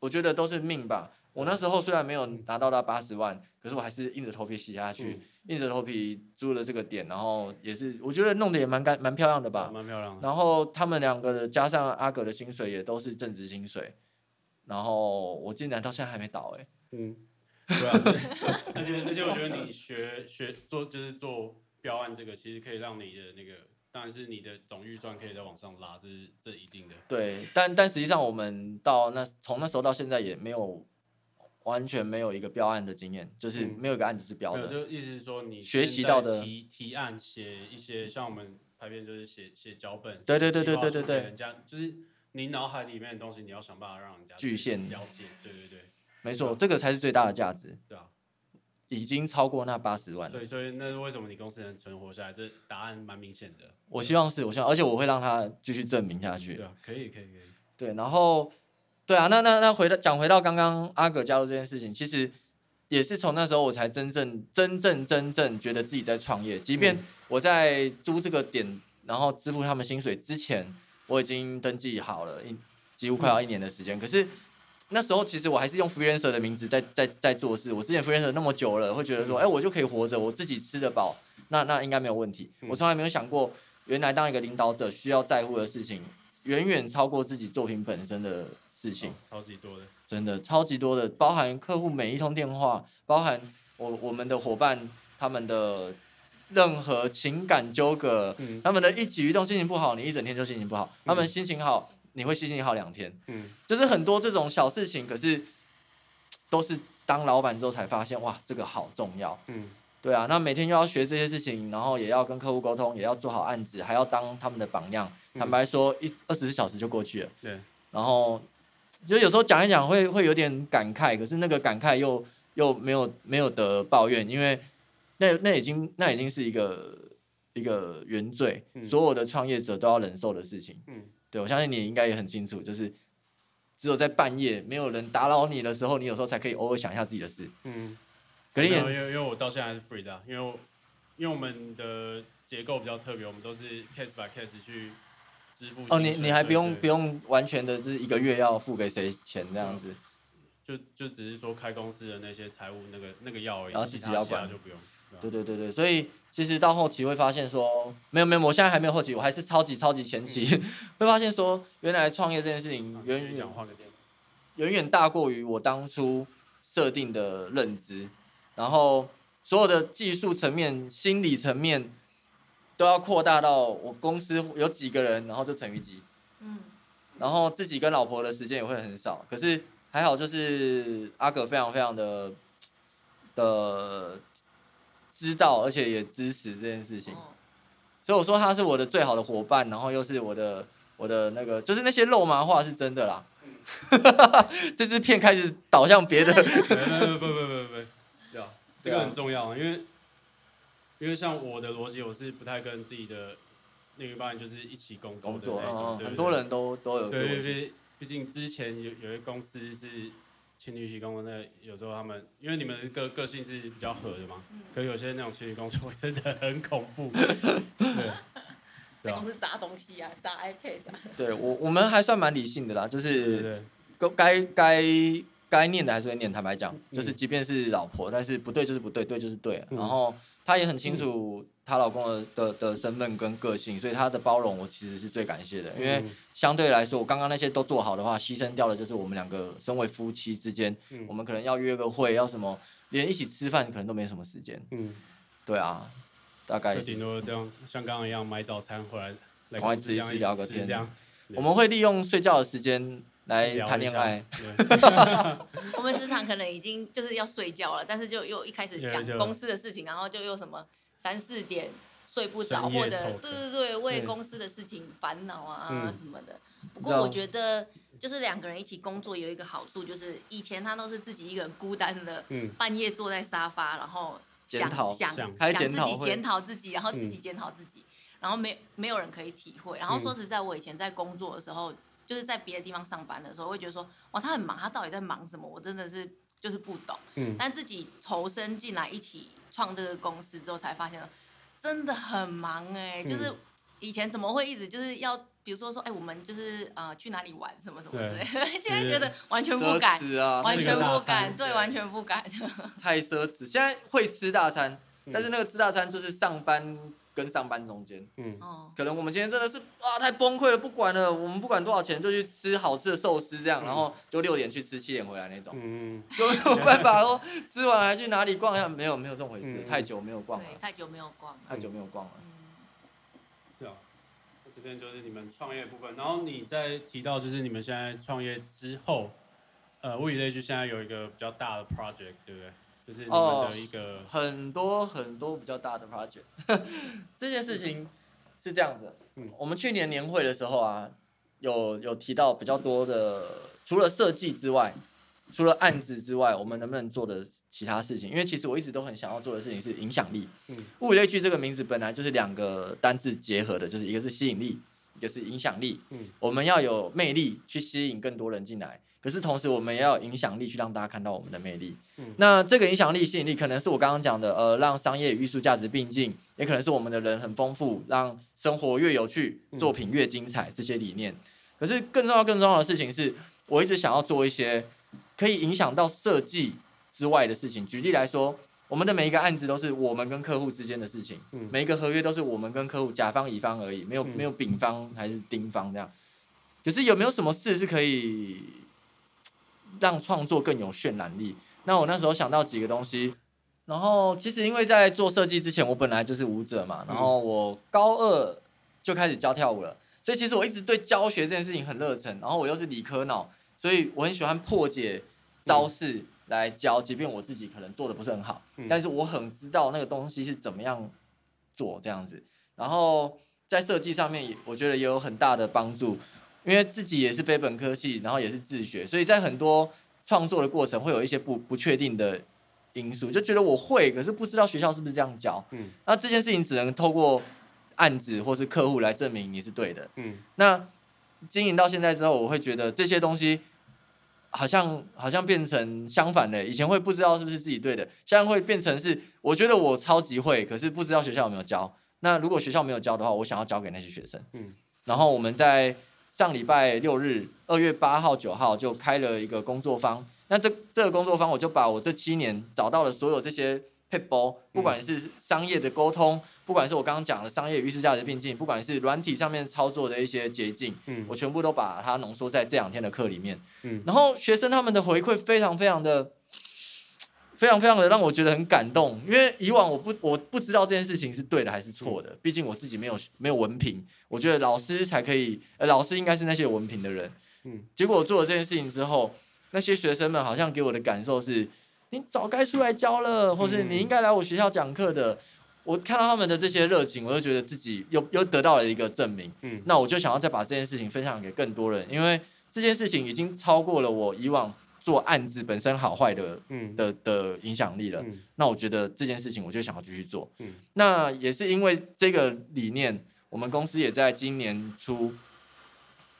我覺得都是命吧。我那時候雖然沒有達到那八十萬，嗯、可是我還是硬着頭皮洗下去，嗯、硬着頭皮租了這個點，然後也是我覺得弄得也蠻乾蠻漂亮的吧，蠻漂亮。然後他們兩個加上阿葛的薪水也都是正職薪水，然後我竟然到現在還沒倒誒、欸。嗯。 對，啊、對，啊，而且而且， 我覺得你學學做就是做標案這個，其實可以讓你的那個，當然是你的總預算可以再往上拉，這是這是一定的。對，但但實際上我們到那從那時候到現在也沒有完全沒有一個標案的經驗，就是沒有一個案子是標的。嗯、就意思是說你學習到的提提案寫一些像我們拍片就是寫寫腳本，對對對對對對，對，對，對人家就是你腦海裡面的東西，你要想辦法讓人家具現了解，現對對對。沒錯，啊、這個才是最大的價值。對啊，已經超過那八十萬了。所以，所以，那是為什麼你公司能存活下來？這答案蠻明顯的。我希望是，嗯、我希望，而且我會讓他繼續證明下去。對、啊，可以，可以，可以。對，然後，對啊，那那那，那回到講回到剛剛阿葛加入這件事情，其實也是從那時候我才真正、真正、真正覺得自己在創業。即便我在租這個點，嗯、然後支付他們薪水之前，我已經登記好了，一幾乎快要一年的時間。嗯、可是。那時候其實我還是用 freelancer 的名字在在在做事。我之前 freelancer 那麼久了，會覺得說，哎、嗯，我就可以活着，我自己吃得飽，那那應該沒有問題。嗯、我從來沒有想過，原來當一個領導者需要在乎的事情，遠遠超過自己作品本身的事情。哦、超級多的，真的超級多的，包含客戶每一通電話，包含我我們的夥伴他們的任何情感糾葛，嗯、他們的一舉一動，心情不好，你一整天就心情不好；他們心情好。嗯嗯你會心情好兩天，嗯，就是很多這種小事情，可是都是當老板之後才發現，哇，這個好重要，嗯，對啊，那每天又要學這些事情，然後也要跟客戶溝通，也要做好案子，還要當他們的榜樣。嗯、坦白說，一二十四小時就過去了，對。然後，就有時候講一講會會有點感慨，可是那個感慨又又沒有沒有得抱怨，因為那那已經那已經是一個一個原罪，嗯、所有的創業者都要忍受的事情，嗯。對，我相信你應該也很清楚，就是只有在半夜沒有人打擾你的時候，你有時候才可以偶爾想一下自己的事。嗯，可以因為因為我到現在還是 free 的，因為因為我們的結構比較特別，我們都是 case by case 去支付。哦，你你還不用對不用完全的就是一個月要付給誰錢，嗯、這樣子？就就只是說，開公司的那些財務那個那個要而已，然後自己要管就不用。對對對對，所以其實到後期會發現說，沒有沒有，我現在還沒有後期，我還是超級超級前期，嗯、會發現說，原來創業這件事情遠遠、啊、遠遠大過於我當初設定的認知，然後所有的技術層面、心理層面都要擴大到我公司有幾個人，然後就乘以幾，嗯，然後自己跟老婆的時間也會很少，可是還好就是阿哥非常非常的的。呃知道，而且也支持這件事情，哦、所以我說他是我的最好的夥伴，然後又是我的我的那個，就是那些肉麻話是真的啦。嗯、 這支片開始導向別的、嗯， 不不不不不，要、yeah, Yeah. 這個很重要，因為因為像我的邏輯，我是不太跟自己的另、那個、一半就是一起工工作，啊哦，對對很多人都都有，對對對，畢竟之前有有些公司是。情侶一起工作，那有時候他們因為你們個個性是比較合的嘛，嗯嗯、可有些那種情侶工作真的很恐怖， 對，那種是砸東西啊，砸 iPad。對我我們還算蠻理性的啦，就是該該該該念的還是會念。坦白講，就是即便是老婆，嗯、但是不對就是不對，對就是對。然後他也很清楚，嗯她老公的的的身份跟個性，所以她的包容我其實是最感謝的。嗯、因為相對來說，我剛剛那些都做好的話，犧牲掉的就是我們兩個身為夫妻之間，嗯、我們可能要約個會，要什麼，連一起吃飯可能都沒什麼時間。嗯，對啊，大概頂多這樣，像剛剛一樣買早餐回來，回來自己聊個天。我們會利用睡覺的時間來談戀愛。我們時常可能已經就是要睡覺了，但是就又一開始講公司的事情，然後就又什麼。三四點睡不着，或者對對對，為公司的事情煩惱啊、嗯、什麼的。不過我覺得，就是兩個人一起工作有一個好處，就是以前他都是自己一個人孤單的，半夜坐在沙發，然後想想想自己檢討自己，然後自己檢討自己，然後沒沒有人可以體會。然後說實在，我以前在工作的時候，就是在別的地方上班的時候，會覺得說，哇，他很忙，他到底在忙什麼？我真的是就是不懂。嗯，但自己投身進來一起。創這個公司之後，才發現了，真的很忙哎、欸，嗯、就是以前怎麼會一直就是要，比如說說，哎、欸，我們就是啊、呃、去哪裡玩什麼什麼之類，對現在覺得完全不敢，完全不敢，對，對對完全不敢。太奢侈，現在會吃大餐，對但是那個吃大餐就是上班。跟上班中間，嗯，可能我們今天真的是哇、啊，太崩潰了，不管了，我們不管多少錢就去吃好吃的壽司這樣，然後就六點去吃，七點回來那種，嗯，嗯，有沒有辦法哦。 吃完還去哪裡逛一、啊、下？沒有，沒有這種回事嗯嗯，太，太久沒有逛了，嗯、太久沒有逛了，太久沒有逛了。是啊，這邊就是你們創業的部分，然後你在提到就是你們現在創業之後，呃，物以類聚，現在有一個比較大的 project，對不對？是哦，一個很多很多比較大的 project， 這件事情是這樣子。嗯，我們去年年會的時候啊，有有提到比較多的，除了設計之外，除了案子之外，我們能不能做的其他事情？因為其實我一直都很想要做的事情是影響力。嗯，物以類聚這個名字本來就是兩個單字結合的，就是一個是吸引力。就是影響力，嗯、我們要有魅力去吸引更多人進來。可是同時，我們也要有影響力去讓大家看到我們的魅力。嗯、那這個影響力、吸引力，可能是我剛剛講的，呃，讓商業與藝術價值並進，也可能是我們的人很豐富，讓生活越有趣，作品越精彩、嗯、這些理念。可是更重要、更重要的事情是，我一直想要做一些可以影響到設計之外的事情。舉例來說。我們的每一個案子都是我們跟客戶之間的事情，嗯、每一個合約都是我們跟客戶甲方乙方而已，沒有、嗯、沒有丙方還是丁方這樣，就是有沒有什麼事是可以讓創作更有渲染力？那我那時候想到幾個東西，然後其實因為在做設計之前，我本來就是舞者嘛，嗯、然後我高二就開始教跳舞了，所以其實我一直對教學這件事情很熱忱，然後我又是理科腦，所以我很喜歡破解招式。嗯來教，即便我自己可能做得不是很好，嗯、但是我很知道那個東西是怎麼樣做這樣子。然後在設計上面也，我覺得也有很大的幫助，因為自己也是非本科系，然後也是自學，所以在很多創作的過程會有一些不不確定的因素，就覺得我會，可是不知道學校是不是這樣教。嗯、那這件事情只能透過案子或是客戶來證明你是對的。嗯、那經營到現在之後，我會覺得這些東西。好像好像變成相反的，以前會不知道是不是自己對的，現在會變成是我覺得我超級會，可是不知道學校有沒有教。那如果學校沒有教的話，我想要教給那些學生。嗯，然後我們在上禮拜六日，二月八號九號就開了一個工作坊。那這這個工作坊，我就把我這七年找到了所有這些撇步，不管是商業的溝通。嗯嗯不管是我剛剛講的商業與知識價值並進，不管是軟體上面操作的一些捷徑，嗯、我全部都把它濃縮在這兩天的課裡面，嗯、然後學生他們的回饋非常非常的，非常非常的讓我覺得很感動，因為以往我不我不知道這件事情是對的還是錯的，嗯、畢竟我自己沒有沒有文憑，我覺得老師才可以，嗯、呃，老師應該是那些有文憑的人，嗯、結果我做了這件事情之後，那些學生們好像給我的感受是，你早該出來教了，或是你應該來我學校講課的。嗯嗯我看到他們的這些熱情，我就覺得自己又又得到了一個證明。嗯。那我就想要再把這件事情分享給更多人，因為這件事情已經超過了我以往做案子本身好壞的，嗯。的，的的影響力了。嗯。那我覺得這件事情，我就想要繼續做。嗯。那也是因為這個理念，我們公司也在今年初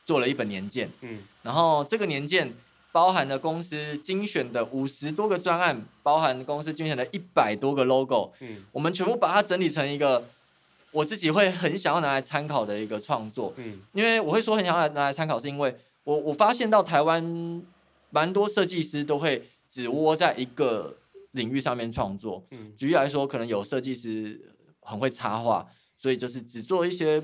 做了一本年鑑。嗯。然後這個年鑑。包含了公司精選的五十多個專案，包含公司精選的一百多個 logo。嗯，我們全部把它整理成一個我自己會很想要拿來參考的一個創作。嗯，因為我會說很想要拿來參考，是因為我我發現到台灣蠻多設計師都會只窩在一個領域上面創作。嗯，舉例來說，可能有設計師很會插畫，所以就是只做一些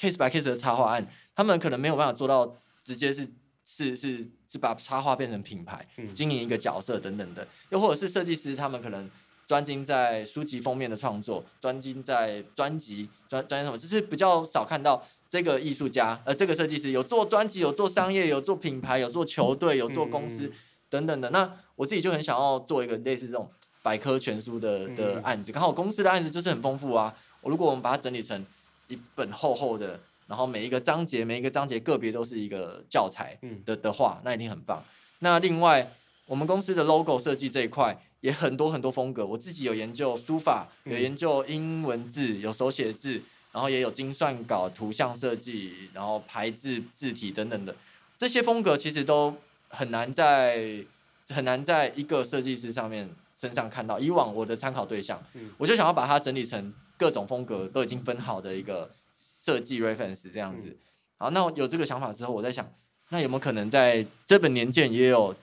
case by case 的插畫案，他們可能沒有辦法做到直接是是是。是是把插畫變成品牌，經營一個角色等等的，又或者是設計師，他們可能專精在書籍封面的創作，專精在專輯專專精什麼，就是比較少看到這個藝術家，呃，這個設計師有做專輯，有做商業，有做品牌，有做球隊，有做公司、嗯、等等的。那我自己就很想要做一個類似這種百科全書的的案子，嗯、剛好公司的案子就是很豐富啊。我如果我們把它整理成一本厚厚的。然後每一個章節，每一個章節個別都是一個教材的、嗯、的話，那一定很棒。那另外，我們公司的 logo 設計這一塊也很多很多風格。我自己有研究書法，嗯、有研究英文字，嗯、有手寫字，然後也有精算稿、圖像設計，然後排字字體等等的這些風格，其實都很難在很難在一個設計師上面身上看到。以往我的參考對象，嗯、我就想要把它整理成各種風格、嗯、都已經分好的一個。設計 reference 這樣子，嗯，好，那我有這個想法之後，我在想，那有沒有可能在這本年鑑也有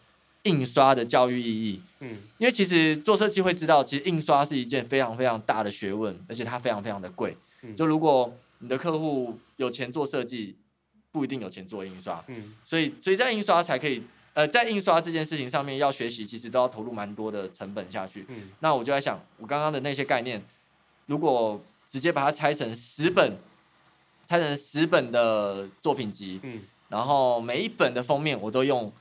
印刷的教育意義？嗯，因為其實做設計會知道，其實印刷是一件非常非常大的學問，而且它非常非常的貴。嗯，就如果你的客戶有錢做設計，不一定有錢做印刷。嗯，所以，所以在印刷才可以，呃，在印刷這件事情上面要學習，其實都要投入蠻多的成本下去。嗯，那我就在想，我剛剛的那些概念，如果直接把它拆成十本。嗯拆成十本的作品集，嗯，然後每一本的封面我都用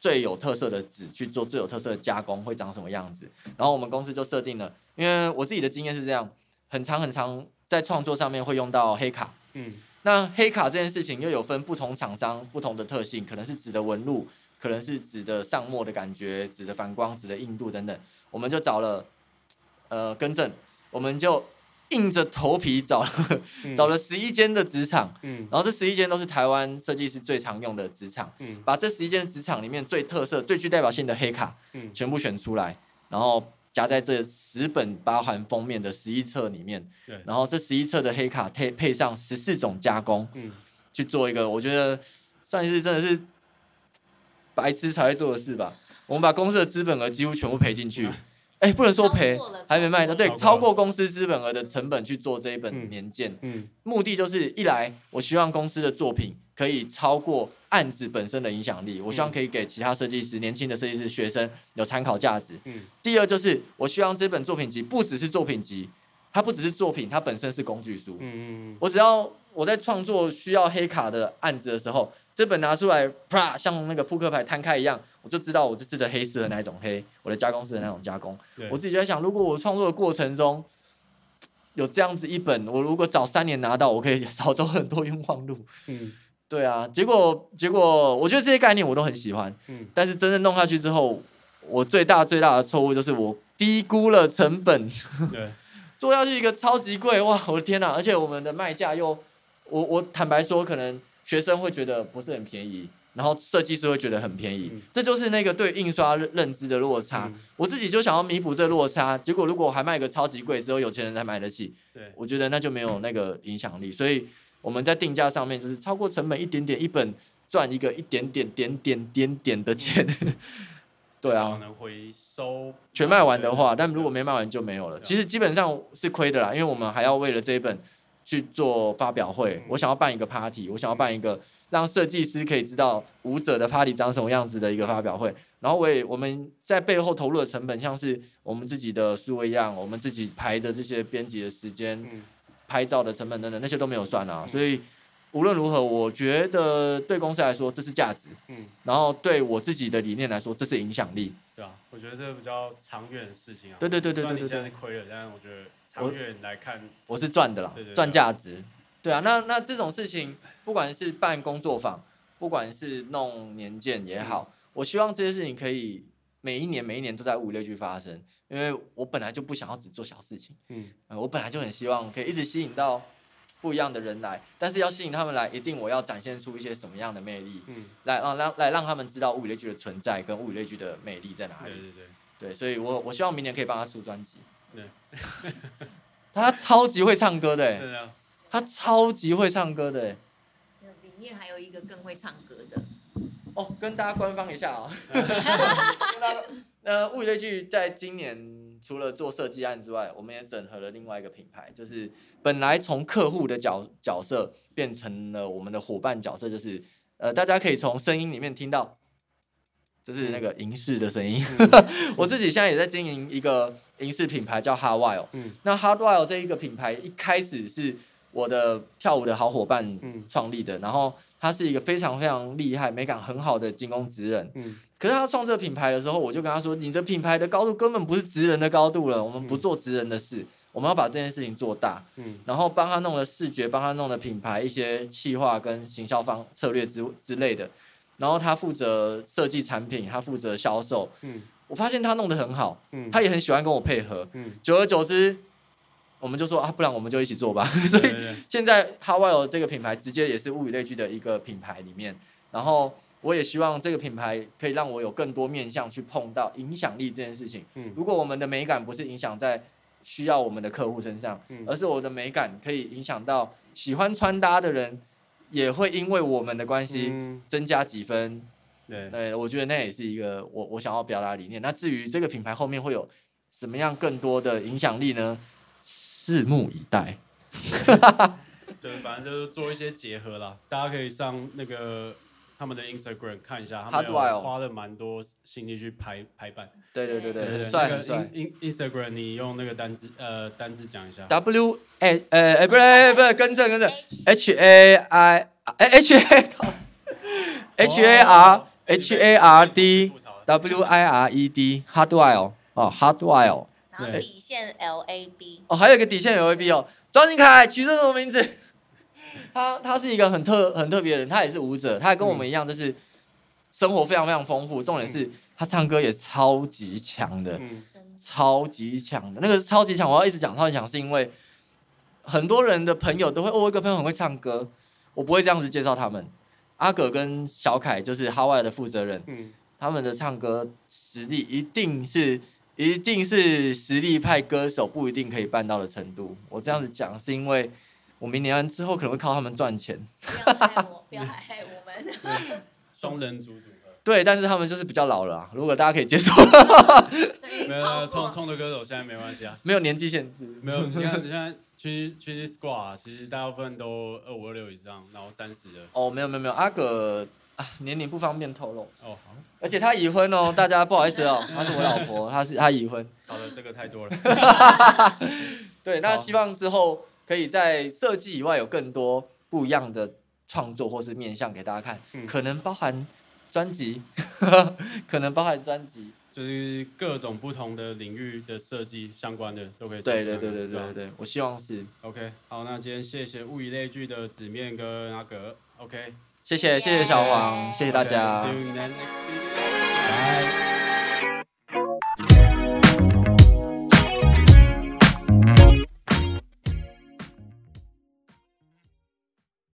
最有特色的紙去做最有特色的加工，會長什麼樣子？然後我們公司就設定了，因為我自己的經驗是這樣，很常很常，在創作上面會用到黑卡，嗯，那黑卡這件事情又有分不同廠商不同的特性，可能是紙的紋路，可能是紙的上墨的感覺，紙的反光，紙的硬度等等，我們就找了，呃，更正，我們就。硬着頭皮找了，嗯、找了十一間的紙廠，嗯，然後這十一間都是台灣設計師最常用的紙廠，嗯，把這十一間紙廠裡面最特色，最具代表性的黑卡，全部選出來，嗯，然後夾在這十本八環封面的十一冊裡面，對然後這十一冊的黑卡配配上十四種加工，嗯，去做一個，我覺得算是真的是白痴才會做的事吧。我們把公司的資本額幾乎全部賠進去。啊哎，不能說賠，還沒賣呢。對，超過公司資本額的成本去做這一本年鑑，嗯嗯、目的就是一來，我希望公司的作品可以超過案子本身的影響力，我希望可以給其他設計師、嗯、年輕的設計師、學生有參考價值。嗯、第二就是，我希望這本作品集不只是作品集，它不只是作品，它本身是工具書。嗯、我只要我在創作需要黑卡的案子的時候。這本拿出來，啪，像那個撲克牌攤開一樣，我就知道我這次的黑色的哪一種黑，嗯、我的加工是的那種加工。對我自己就在想，如果我創作的過程中有這樣子一本，我如果早三年拿到，我可以少走很多冤枉路。嗯、對啊。結果結果，我覺得這些概念我都很喜歡。嗯、但是真正弄下去之後，我最大最大的錯誤就是我低估了成本。 對，做下去一個超級貴哇！我的天哪，而且我們的賣價又……我我坦白說，可能。學生會覺得不是很便宜，然後設計師會覺得很便宜，嗯、這就是那個對印刷認知的落差。嗯、我自己就想要彌補這落差，結果如果還賣個超級貴，只有有錢人才買得起，對我覺得那就沒有那個影響力。所以我們在定價上面就是超過成本一點點，一本賺一個一點點點點點點的錢。嗯、 對啊，可能回收全賣完的話，對但如果沒賣完就沒有了。對其實基本上是虧的啦，因為我們還要為了這一本，去做發表會，嗯、我想要辦一個 party，嗯、我想要辦一個讓設計師可以知道舞者的 party 長什麼樣子的一個發表會。然後我也我們在背後投入的成本，像是我們自己的書一樣，我們自己排的這些編輯的時間、嗯、拍照的成本等等，那些都沒有算啊。嗯、所以無論如何，我覺得對公司來說這是價值，嗯，然後對我自己的理念來說這是影響力。對啊，我覺得這個比較長遠的事情啊，對對對對對對，雖然現在是虧了，我但是我覺得長遠來看，我是賺的啦，對對對對對賺價值。對啊，那那這種事情，不管是辦工作坊，不管是弄年鑑也好，嗯、我希望這些事情可以每一年每一年都在五六句發生，因為我本來就不想要只做小事情，嗯,嗯，我本來就很希望可以一直吸引到。不一樣的人來，但是要吸引他們來，一定我要展現出一些什麼樣的魅力，嗯、來讓讓來讓他們知道物以類聚的存在跟物以類聚的魅力在哪裡。對,對,對,對所以我我希望明年可以幫他出專輯。對， 他超級會唱歌的、欸，對啊、他超級會唱歌的、欸，裡面還有一個更會唱歌的哦，跟大家官方一下哦。 那、呃、物以類聚，在今年除了做設計案之外，我們也整合了另外一個品牌，就是本來從客戶的角角色變成了我們的夥伴角色，就是呃，大家可以從聲音裡面聽到，就是那個銀飾的聲音。嗯、 我自己現在也在經營一個銀飾品牌，叫 Hardwild 嗯，那 Hardwild 這一個品牌一開始是。我的跳舞的好夥伴，嗯，創立的，嗯、然後他是一個非常非常厲害、美感很好的進攻職人，嗯、可是他創這個品牌的時候，我就跟他說，你這品牌的高度根本不是職人的高度了，我們不做職人的事，嗯、我們要把這件事情做大，嗯、然後幫他弄了視覺，幫他弄了品牌一些企劃跟行銷方策略之之類的，然後他負責設計產品，他負責銷售，嗯，我發現他弄得很好，嗯、他也很喜歡跟我配合，嗯，嗯久而久之。我們就說啊，不然我們就一起做吧。對對對 所以現在哈瓦爾這個品牌直接也是物以類聚的一個品牌裡面。然後我也希望這個品牌可以讓我有更多面向去碰到影響力這件事情。嗯、如果我們的美感不是影響在需要我們的客戶身上，嗯、而是我的美感可以影響到喜歡穿搭的人，也會因為我們的關係增加幾分。嗯、對，對，我覺得那也是一個我我想要表達的理念。那至於這個品牌後面會有什麼樣更多的影響力呢？拭目以待，對，反正就是做一些結合啦。大家可以上那個他們的 Instagram 看一下他們 r 花了蠻多心力去排排版。對對對對對，帥帥。In Instagram，你用那個單字呃單字講一下。W 哎哎哎，不是不是，更正更正。H A I 哎 H A H A R H A R D W I R E D Hardwire 哦 Hardwire。然後底線 L A B 哦，還有一個底線 L A B 哦。張敬凱取的什麼名字？他他是一個很特很特別的人，他也是舞者，他也跟我們一樣，就是生活非常非常豐富。嗯、重點是他唱歌也超級強的，嗯、超級強的。那個超級強，我要一直講超級強，是因為很多人的朋友都會、哦，我一個朋友很會唱歌，我不會這樣子介紹他們。阿葛跟小凱就是哈外的負責人，嗯、他們的唱歌實力一定是。一定是實力派歌手，不一定可以辦到的程度。我這樣子講是因為我明年之後可能會靠他們賺錢。不要害我， 不要害我們。雙人組組合。對，但是他們就是比較老了、啊。如果大家可以接受了。 沒有衝衝的歌手現在沒關係啊，沒有年紀限制。沒有，你看你看現在 TNT Squad、啊、其實大部分都二五二六以上，然後三十的。哦、oh,，沒有沒有沒有阿哥。啊、年齡不方便透露哦，oh, 而且他已婚哦， 大家不好意思哦，他是我老婆， 他是他已婚，好的，這個太多了， 對，那希望之後可以在設計以外有更多不一樣的創作或是面向給大家看，嗯、可能包含專輯， 可能包含專輯，就是各種不同的領域的設計相關的都可以，對，對對對對對對，對啊、我希望是，OK，好，那今天謝謝物以類聚的子麵跟阿格，OK。謝謝謝謝小黃，謝謝大家。拜。Okay,